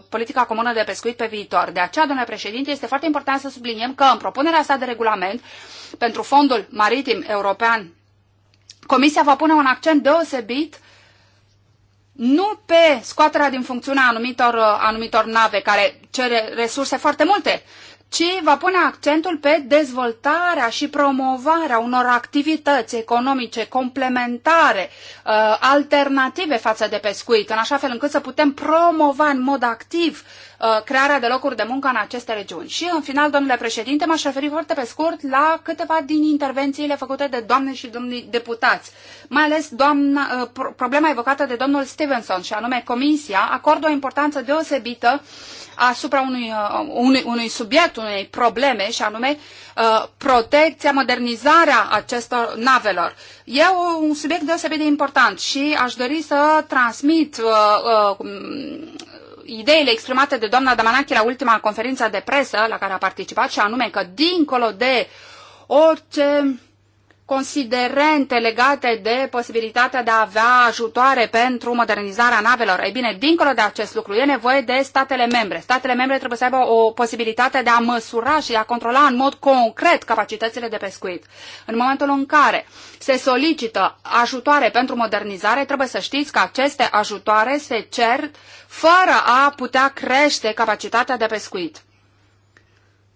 politica comună de pescuit pe viitor. De aceea, domnule președinte, este foarte important să subliniem că că în propunerea sa de regulament pentru Fondul Maritim European, Comisia va pune un accent deosebit nu pe scoaterea din funcțiune a anumitor, anumitor nave care cere resurse foarte multe, ci va pune accentul pe dezvoltarea și promovarea unor activități economice complementare, uh, alternative față de pescuit, în așa fel încât să putem promova în mod activ Uh, crearea de locuri de muncă în aceste regiuni. Și în final, domnule președinte, m-aș referi foarte pe scurt la câteva din intervențiile făcute de doamne și domnii deputați, mai ales doamna, uh, problema evocată de domnul Stevenson și anume Comisia acordă o importanță deosebită asupra unui, uh, unui, unui subiect, unei probleme și anume protecția, modernizarea acestor navelor. E un subiect deosebit de important și aș dori să transmit uh, uh, ideile exprimate de doamna Damanachi la ultima conferință de presă la care a participat și anume că dincolo de orice uh, considerente legate de posibilitatea de a avea ajutoare pentru modernizarea navelor. Ei bine, dincolo de acest lucru, e nevoie de statele membre. Statele membre trebuie să aibă o posibilitate de a măsura și de a controla în mod concret capacitățile de pescuit. În momentul în care se solicită ajutoare pentru modernizare, trebuie să știți că aceste ajutoare se cer fără a putea crește capacitatea de pescuit.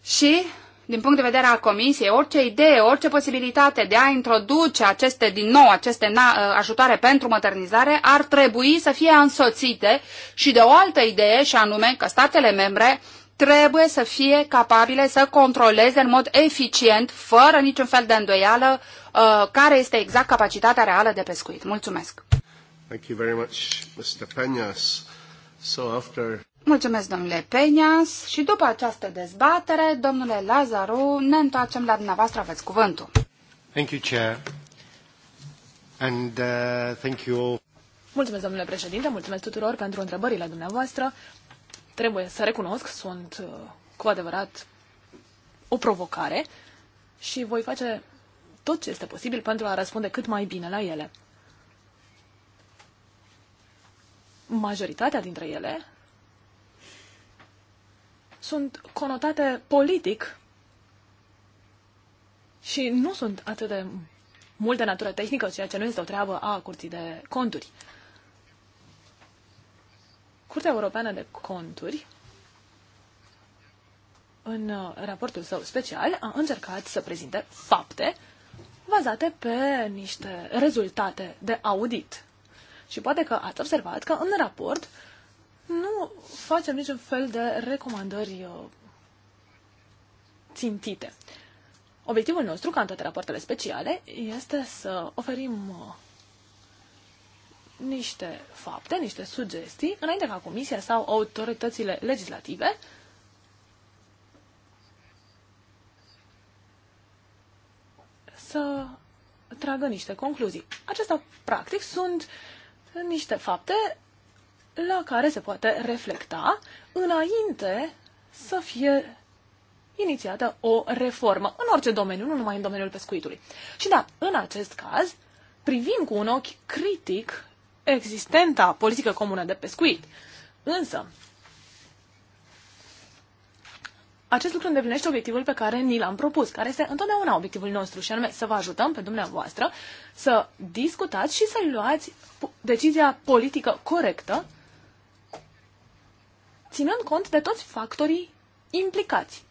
Și din punct de vedere al Comisiei, orice idee, orice posibilitate de a introduce aceste, din nou, aceste uh, ajutoare pentru maternizare ar trebui să fie însoțite și de o altă idee, și anume că statele membre trebuie să fie capabile să controleze în mod eficient, fără niciun fel de îndoială, uh, care este exact capacitatea reală de pescuit. Mulțumesc! Thank you very much, Mr. So after... Mulțumesc, domnule Penias, și după această dezbatere, domnule Lazaru, ne întoarcem la dumneavoastră, aveți cuvântul. Thank you, Chair. And, uh, thank you all. Mulțumesc, domnule președinte, mulțumesc tuturor pentru întrebările dumneavoastră. Trebuie să recunosc, sunt uh, cu adevărat o provocare și voi face tot ce este posibil pentru a răspunde cât mai bine la ele. Majoritatea dintre ele sunt conotate politic și nu sunt atât de multe natură tehnică, ceea ce nu este o treabă a Curții de Conturi. Curtea Europeană de Conturi, în uh, raportul său special, a încercat să prezinte fapte bazate pe niște rezultate de audit. Și poate că ați observat că în raport uh, nu facem niciun fel de recomandări uh, țintite. Obiectivul nostru, ca în toate rapoartele speciale, este să oferim uh, niște fapte, niște sugestii, înainte ca Comisia sau autoritățile legislative să tragă niște concluzii. Acestea, practic, sunt niște fapte la care se poate reflecta înainte să fie inițiată o reformă în orice domeniu, nu numai în domeniul pescuitului. Și da, în acest caz, privim cu un ochi critic existenta politică comună de pescuit. Însă, acest lucru îndeplinește obiectivul pe care ni l-am propus, care este întotdeauna obiectivul nostru și anume să vă ajutăm pe dumneavoastră să discutați și să luați decizia politică corectă ținând cont de toți factorii implicați.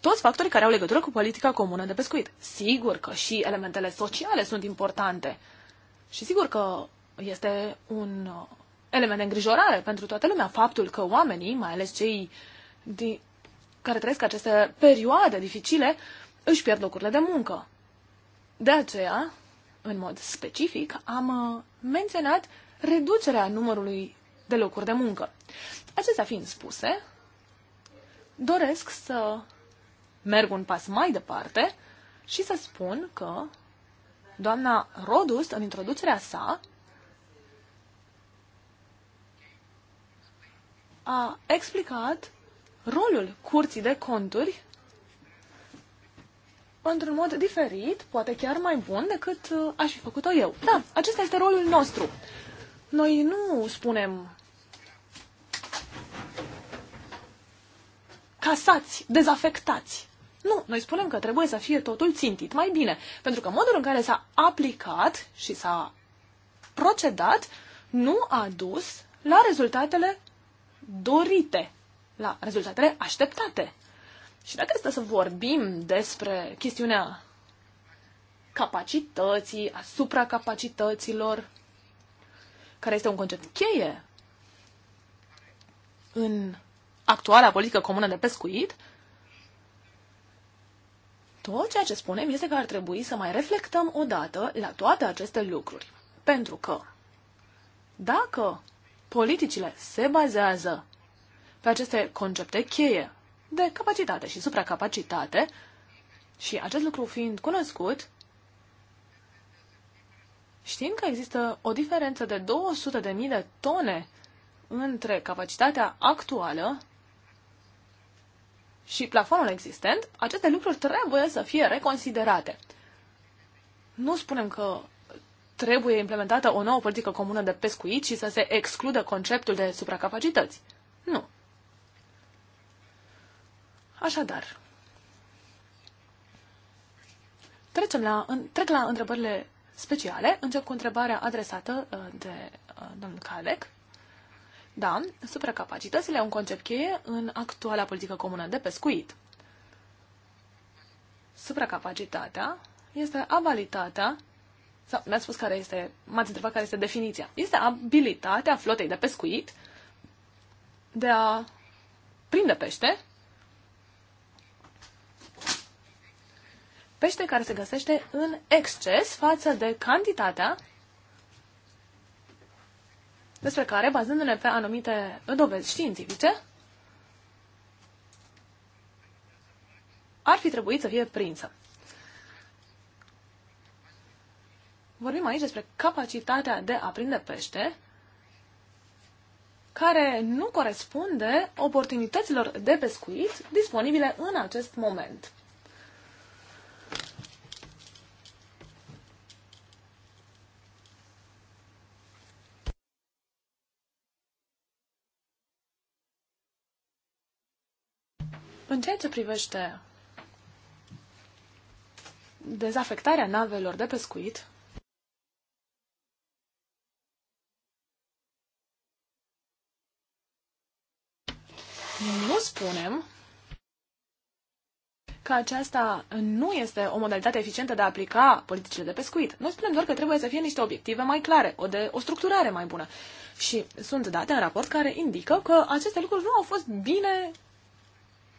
Toți factorii care au legătură cu politica comună de pescuit. Sigur că și elementele sociale sunt importante și sigur că este un uh, element de îngrijorare pentru toată lumea faptul că oamenii, mai ales cei din, care trăiesc aceste perioade dificile, își pierd locurile de muncă. De aceea, în mod specific, am uh, menționat reducerea numărului de locuri de muncă. Acestea fiind spuse, doresc să merg un pas mai departe și să spun că doamna Rodust, în introducerea sa, a explicat rolul curții de conturi într-un mod diferit, poate chiar mai bun decât uh, aș fi făcut-o eu. Da, acesta este rolul nostru. Noi nu spunem casați, dezafectați. Nu, noi spunem că trebuie să fie totul țintit mai bine, pentru că modul în care s-a aplicat și s-a procedat nu a dus la rezultatele dorite, la rezultatele așteptate. Și dacă este să vorbim despre chestiunea capacității, a supracapacităților, care este un concept cheie în actuala politică comună de pescuit, tot ceea ce spunem este că ar trebui să mai reflectăm odată la toate aceste lucruri. Pentru că dacă politicile se bazează pe aceste concepte cheie de capacitate și supracapacitate, și acest lucru fiind cunoscut, știm că există o diferență de 200.000 de tone între capacitatea actuală și plafonul existent, aceste lucruri trebuie să fie reconsiderate. Nu spunem că trebuie implementată o nouă politică comună de pescuit și să se excludă conceptul de supracapacități. Nu. Așadar, trecem la, trec la întrebările speciale. Încep cu întrebarea adresată uh, de uh, domnul Cadec. Da, supracapacitățile au un concept cheie în actuala politică comună de pescuit. Supracapacitatea este abilitatea sau mi-ați spus care este, m-ați întrebat care este definiția. Este abilitatea flotei de pescuit de a prinde pește pește care se găsește în exces față de cantitatea despre care, bazându-ne pe anumite dovezi științifice, ar fi trebuit să fie prinsă. Vorbim aici despre capacitatea de a prinde pește care nu corespunde oportunităților de pescuit disponibile în acest moment. În ceea ce privește dezafectarea navelor de pescuit, nu spunem că aceasta nu este o modalitate eficientă de a aplica politicile de pescuit. Noi spunem doar că trebuie să fie niște obiective mai clare, o, de, o structurare mai bună. Și sunt date în raport care indică că aceste lucruri nu au fost bine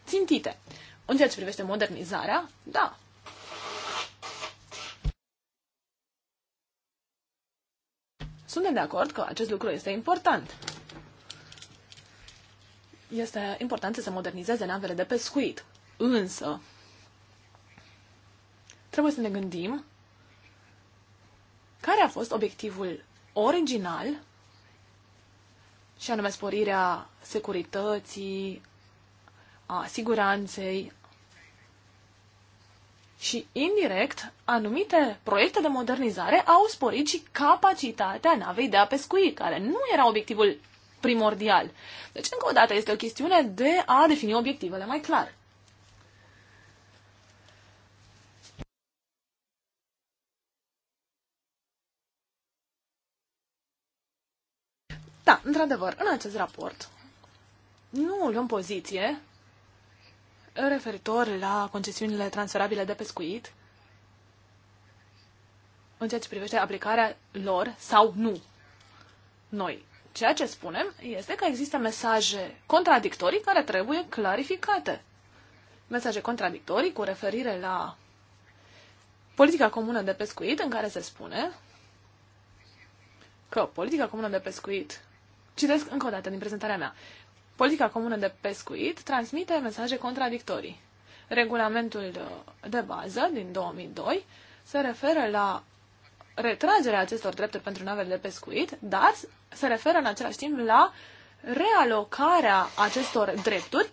țintite. În ceea ce privește modernizarea, da. Suntem de acord că acest lucru este important. Este important să se modernizeze navele de pescuit. Însă, trebuie să ne gândim care a fost obiectivul original și anume sporirea securității, a siguranței și, indirect, anumite proiecte de modernizare au sporit și capacitatea navei de a pescui, care nu era obiectivul primordial. Deci, încă o dată, este o chestiune de a defini obiectivele mai clar. Da, într-adevăr, în acest raport nu luăm poziție referitor la concesiunile transferabile de pescuit în ceea ce privește aplicarea lor sau nu. Noi, ceea ce spunem este că există mesaje contradictorii care trebuie clarificate. Mesaje contradictorii cu referire la politica comună de pescuit în care se spune că politica comună de pescuit, citesc încă o dată din prezentarea mea, politica comună de pescuit transmite mesaje contradictorii. Regulamentul de bază din 2002 se referă la retragerea acestor drepturi pentru navele de pescuit, dar se referă în același timp la realocarea acestor drepturi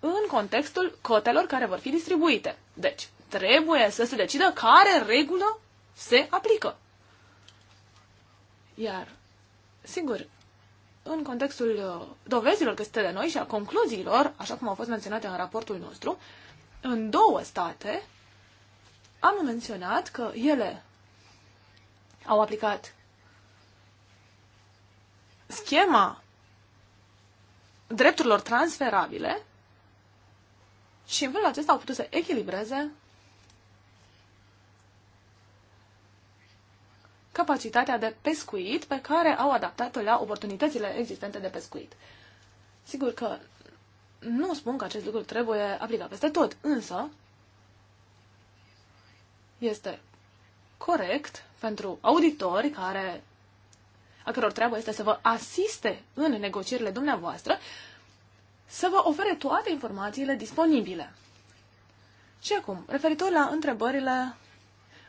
în contextul cotelor care vor fi distribuite. Deci, trebuie să se decidă care regulă se aplică. Iar, sigur, în contextul uh, dovezilor găsite de noi și a concluziilor, așa cum au fost menționate în raportul nostru, în două state am menționat că ele au aplicat schema drepturilor transferabile și în felul acesta au putut să echilibreze capacitatea de pescuit pe care au adaptat-o la oportunitățile existente de pescuit. Sigur că nu spun că acest lucru trebuie aplicat peste tot, însă este corect pentru auditori care, a căror treabă este să vă asiste în negocierile dumneavoastră, să vă ofere toate informațiile disponibile. Și acum, referitor la întrebările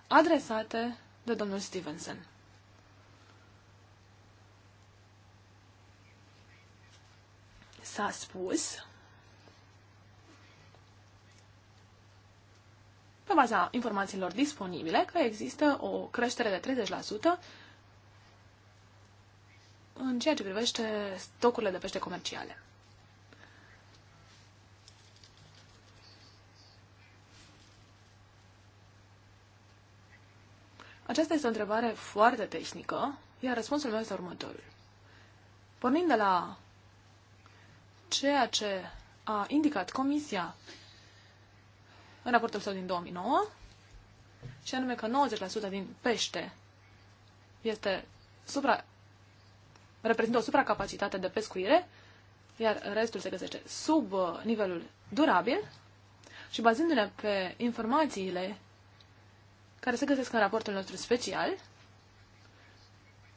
adresate de domnul Stevenson. S-a spus pe baza informațiilor disponibile că există o creștere de 30% în ceea ce privește stocurile de pește comerciale. Aceasta este o întrebare foarte tehnică, iar răspunsul meu este următorul. Pornind de la ceea ce a indicat Comisia în raportul său din 2009, și anume că 90% din pește este supra, reprezintă o supracapacitate de pescuire, iar restul se găsește sub uh, nivelul durabil și bazându-ne pe informațiile care se găsesc în raportul nostru special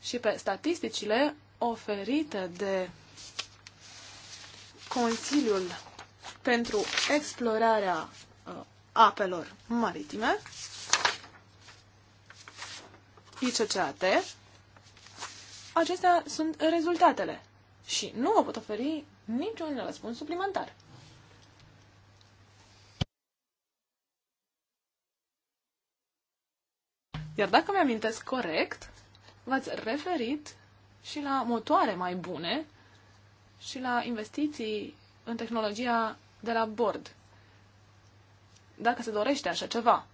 și pe statisticile oferite de Consiliul pentru explorarea uh, apelor maritime, ICCAT, acestea sunt rezultatele și nu vă pot oferi niciun răspuns suplimentar. Iar dacă mi-amintesc corect, v-ați referit și la motoare mai bune și la investiții în tehnologia de la bord, dacă se dorește așa ceva.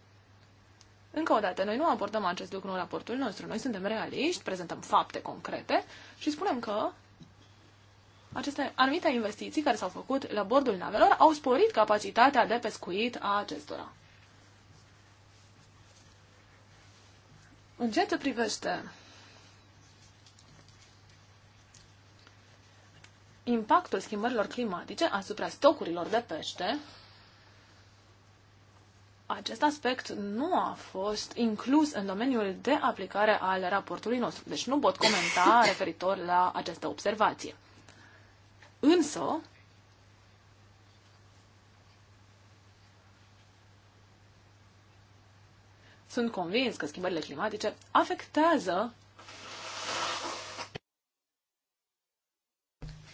Încă o dată, noi nu abordăm acest lucru în raportul nostru. Noi suntem realiști, prezentăm fapte concrete și spunem că aceste anumite investiții care s-au făcut la bordul navelor au sporit capacitatea de pescuit a acestora. În ceea ce privește impactul schimbărilor climatice asupra stocurilor de pește, acest aspect nu a fost inclus în domeniul de aplicare al raportului nostru, deci nu pot comenta referitor la această observație. Însă, Sunt convins că schimbările climatice afectează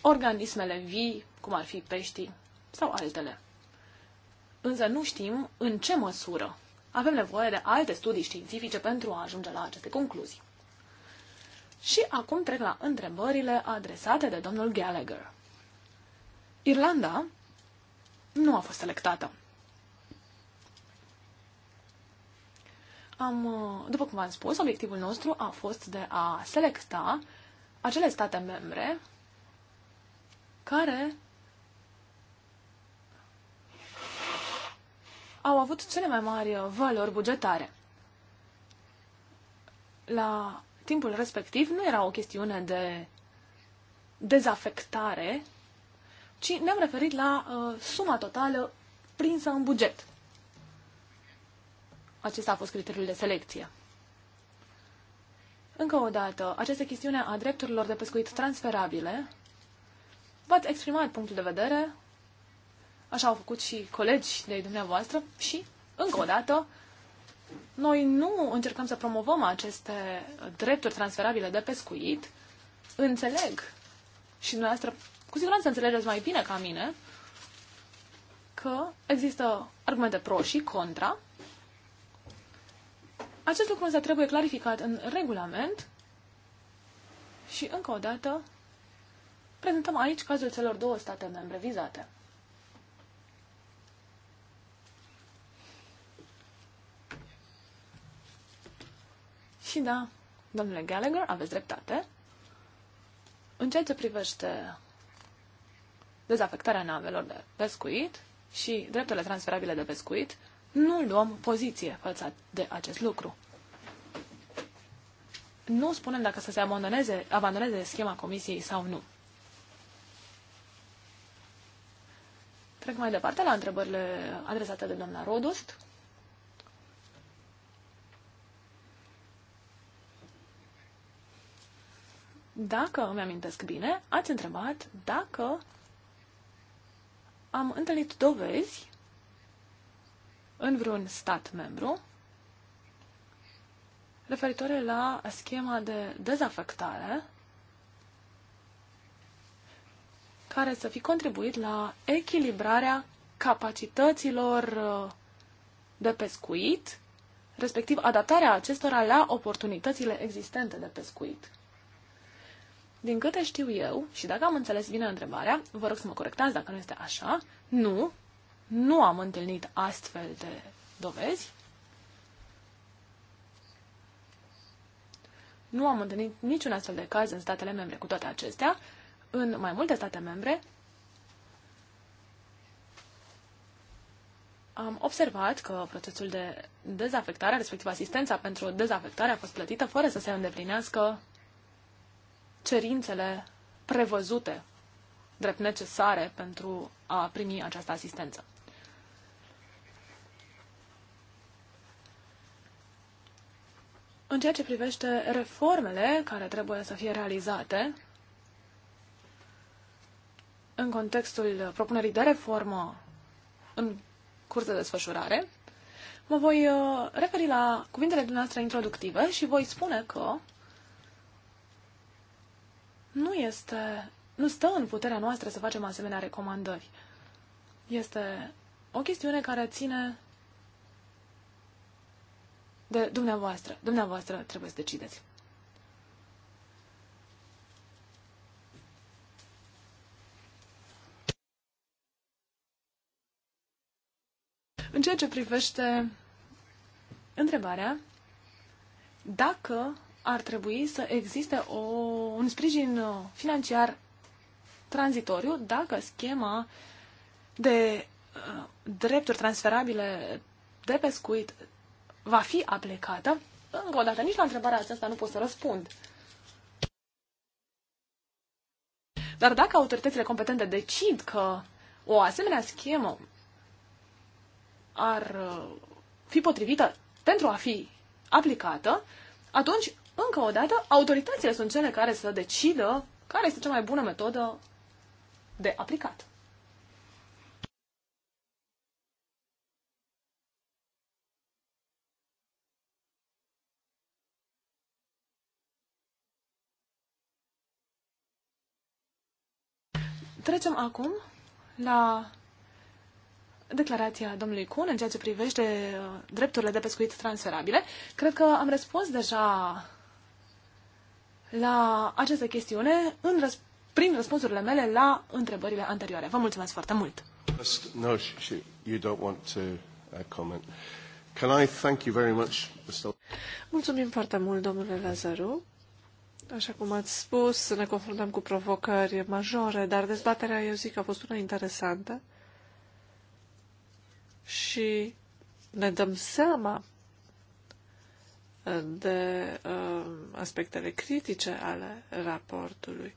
organismele vii, cum ar fi peștii sau altele. Însă nu știm în ce măsură avem nevoie de alte studii științifice pentru a ajunge la aceste concluzii. Și acum trec la întrebările adresate de domnul Gallagher. Irlanda nu a fost selectată. am, uh, după cum v-am spus, obiectivul nostru a fost de a selecta acele state membre care au avut cele mai mari uh, valori bugetare. La timpul respectiv nu era o chestiune de dezafectare, ci ne-am referit la uh, suma totală prinsă în buget acesta a fost criteriul de selecție. Încă o dată, această chestiune a drepturilor de pescuit transferabile, v-ați exprimat punctul de vedere, așa au făcut și colegi de dumneavoastră și, încă o dată, noi nu încercăm să promovăm aceste drepturi transferabile de pescuit. Înțeleg și dumneavoastră, cu siguranță înțelegeți mai bine ca mine, că există argumente pro și contra acest lucru însă trebuie clarificat în regulament și, încă o dată, prezentăm aici cazul celor două state membre vizate. Și da, domnule Gallagher, aveți dreptate. În ceea ce privește dezafectarea navelor de pescuit și drepturile transferabile de pescuit, nu luăm poziție față de acest lucru. Nu spunem dacă să se abandoneze, abandoneze schema comisiei sau nu. Trec mai departe la întrebările adresate de doamna Rodost. Dacă îmi amintesc bine, ați întrebat dacă am întâlnit dovezi în vreun stat membru referitoare la schema de dezafectare care să fi contribuit la echilibrarea capacităților uh, de pescuit, respectiv adaptarea acestora la oportunitățile existente de pescuit. Din câte știu eu, și dacă am înțeles bine întrebarea, vă rog să mă corectați dacă nu este așa, nu, nu am întâlnit astfel de dovezi. Nu am întâlnit niciun astfel de caz în statele membre. Cu toate acestea, în mai multe state membre, am observat că procesul de dezafectare, respectiv asistența pentru dezafectare, a fost plătită fără să se îndeplinească cerințele prevăzute drept necesare pentru a primi această asistență. În ceea ce privește reformele care trebuie să fie realizate, în contextul propunerii de reformă în curs de desfășurare, mă voi uh, referi la cuvintele dumneavoastră introductive și voi spune că nu este, nu stă în puterea noastră să facem asemenea recomandări. Este o chestiune care ține de dumneavoastră. Dumneavoastră trebuie să decideți. În ceea ce privește întrebarea dacă ar trebui să existe o, un sprijin financiar tranzitoriu dacă schema de uh, drepturi transferabile de pescuit va fi aplicată? Încă o dată, nici la întrebarea aceasta nu pot să răspund. Dar dacă autoritățile competente decid că o asemenea schemă ar uh, fi potrivită pentru a fi aplicată, atunci, încă o dată, autoritățile sunt cele care să decidă care este cea mai bună metodă de aplicat. Trecem acum la declarația domnului Kuhn în ceea ce privește uh, drepturile de pescuit transferabile. Cred că am răspuns deja la această chestiune în răs- prin răspunsurile mele la întrebările anterioare. Vă mulțumesc foarte mult! No, you don't want to uh, comment. Can I thank you very much, Mr. Mulțumim foarte mult, domnule Lazaru. Așa cum ați spus, ne confruntăm cu provocări majore, dar dezbaterea, eu zic, a fost una interesantă și ne dăm seama uh, de uh, aspectele critice ale raportului.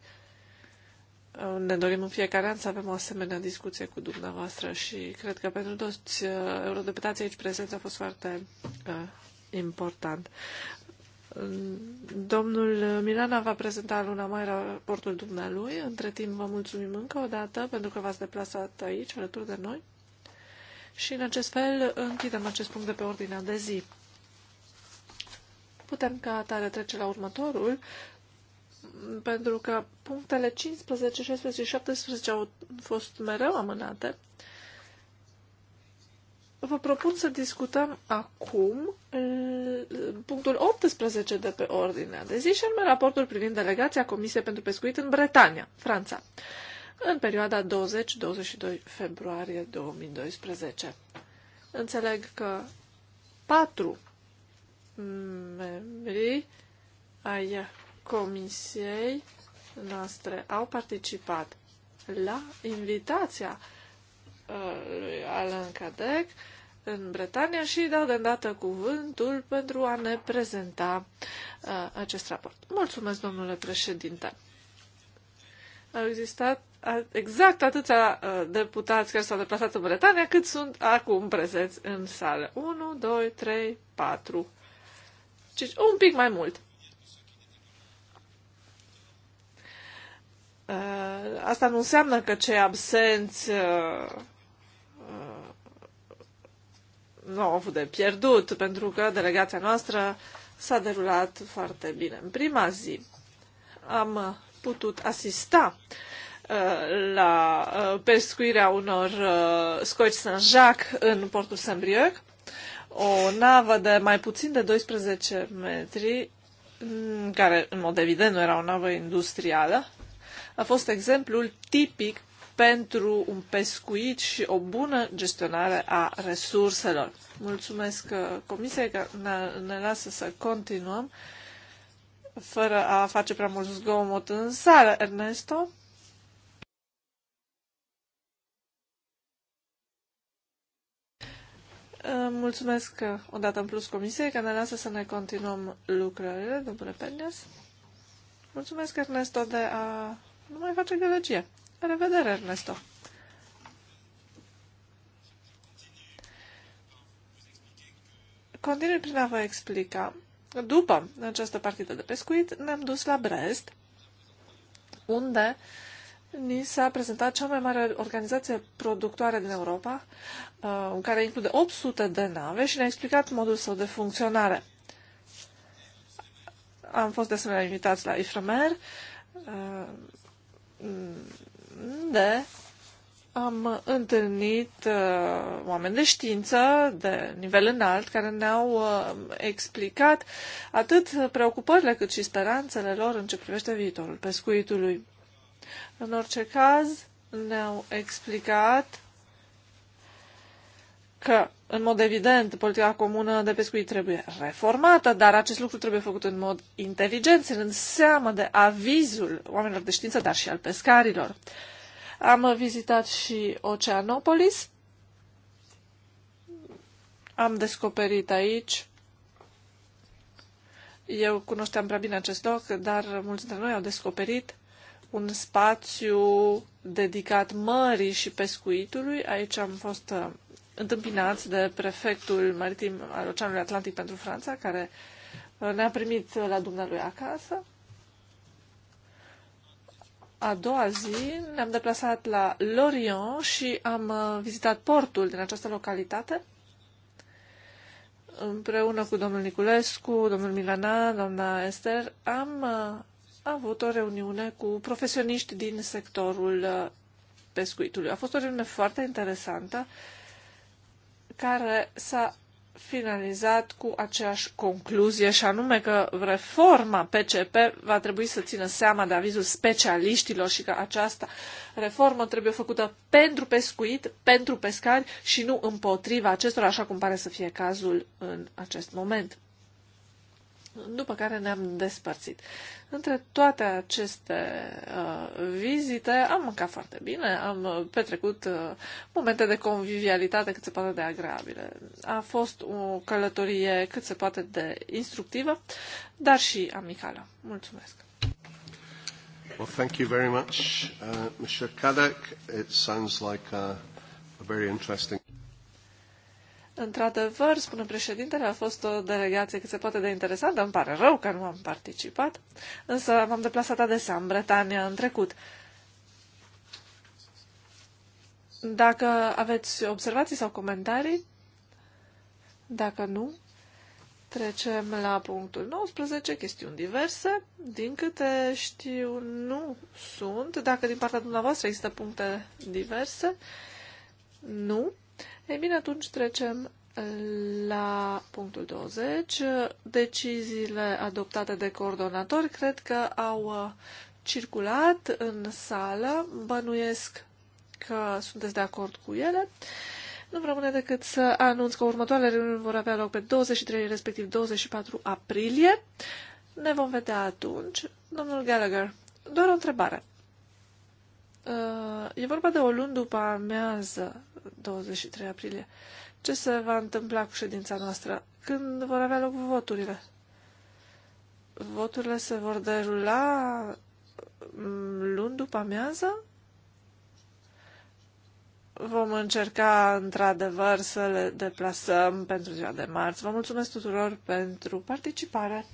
Uh, ne dorim în fiecare an să avem o asemenea discuție cu dumneavoastră și cred că pentru toți uh, eurodeputații aici prezenți a fost foarte uh, important. Domnul Milana va prezenta luna mai raportul dumnealui. Între timp vă mulțumim încă o dată pentru că v-ați deplasat aici, alături de noi. Și în acest fel închidem acest punct de pe ordinea de zi. Putem ca atare trece la următorul, pentru că punctele 15, 16 și 17 au fost mereu amânate vă propun să discutăm acum punctul 18 de pe ordinea de zi și anume raportul privind delegația Comisiei pentru Pescuit în Bretania, Franța, în perioada 20-22 februarie 2012. Înțeleg că patru membri ai Comisiei noastre au participat la invitația uh, lui Alan Cadec în Bretania și dau de îndată cuvântul pentru a ne prezenta uh, acest raport. Mulțumesc, domnule președinte. Au existat exact atâția uh, deputați care s-au deplasat în Bretania cât sunt acum prezenți în sală. 1, 2, 3, 4. Deci un pic mai mult. Uh, asta nu înseamnă că cei absenți uh, uh, nu au avut de pierdut, pentru că delegația noastră s-a derulat foarte bine. În prima zi am putut asista la pescuirea unor scoici Saint-Jacques în portul Saint-Brieuc, o navă de mai puțin de 12 metri, mm, care în mod evident nu era o navă industrială, a fost exemplul tipic pentru un pescuit și o bună gestionare a resurselor. Mulțumesc uh, Comisiei că ne lasă să continuăm fără a face prea mult zgomot în sală, Ernesto. Uh, mulțumesc uh, odată în plus Comisiei că ne lasă să ne continuăm lucrările, domnule Pernias. Mulțumesc, Ernesto, de a nu mai face gălăgie. La revedere, Ernesto! Continui prin a vă explica. După această partidă de pescuit, ne-am dus la Brest, unde ni s-a prezentat cea mai mare organizație productoare din Europa, uh, în care include 800 de nave și ne-a explicat modul său de funcționare. Am fost de asemenea invitați la Iframer, uh, unde am întâlnit uh, oameni de știință de nivel înalt care ne-au uh, explicat atât preocupările cât și speranțele lor în ce privește viitorul pescuitului. În orice caz, ne-au explicat că, în mod evident, politica comună de pescuit trebuie reformată, dar acest lucru trebuie făcut în mod inteligent, ținând seama de avizul oamenilor de știință, dar și al pescarilor. Am vizitat și Oceanopolis. Am descoperit aici. Eu cunoșteam prea bine acest loc, dar mulți dintre noi au descoperit un spațiu dedicat mării și pescuitului. Aici am fost întâmpinați de prefectul maritim al Oceanului Atlantic pentru Franța, care uh, ne-a primit la dumnealui acasă. A doua zi ne-am deplasat la Lorient și am uh, vizitat portul din această localitate împreună cu domnul Niculescu, domnul Milana, doamna Esther, am uh, avut o reuniune cu profesioniști din sectorul pescuitului. A fost o reuniune foarte interesantă care s-a finalizat cu aceeași concluzie și anume că reforma PCP va trebui să țină seama de avizul specialiștilor și că această reformă trebuie făcută pentru pescuit, pentru pescari și nu împotriva acestora, așa cum pare să fie cazul în acest moment după care ne-am despărțit. Între toate aceste uh, vizite am mâncat foarte bine, am petrecut uh, momente de convivialitate cât se poate de agreabile. A fost o călătorie cât se poate de instructivă, dar și amicală. Mulțumesc! Well, thank you very much, uh, Mr. Kadek. It sounds like a, a very interesting... Într-adevăr, spune președintele, a fost o delegație cât se poate de interesantă. Îmi pare rău că nu am participat, însă m-am deplasat adesea în Bretania în trecut. Dacă aveți observații sau comentarii, dacă nu, trecem la punctul 19, chestiuni diverse. Din câte știu, nu sunt. Dacă din partea dumneavoastră există puncte diverse, nu. Ei bine, atunci trecem la punctul 20. Deciziile adoptate de coordonatori cred că au uh, circulat în sală. Bănuiesc că sunteți de acord cu ele. Nu rămâne decât să anunț că următoarele reuniuni vor avea loc pe 23, respectiv 24 aprilie. Ne vom vedea atunci. Domnul Gallagher, doar o întrebare. Uh, e vorba de o luni după amiază 23 aprilie. Ce se va întâmpla cu ședința noastră? Când vor avea loc voturile? Voturile se vor derula mm, luni după amiază? Vom încerca într-adevăr să le deplasăm pentru ziua de marți. Vă mulțumesc tuturor pentru participare!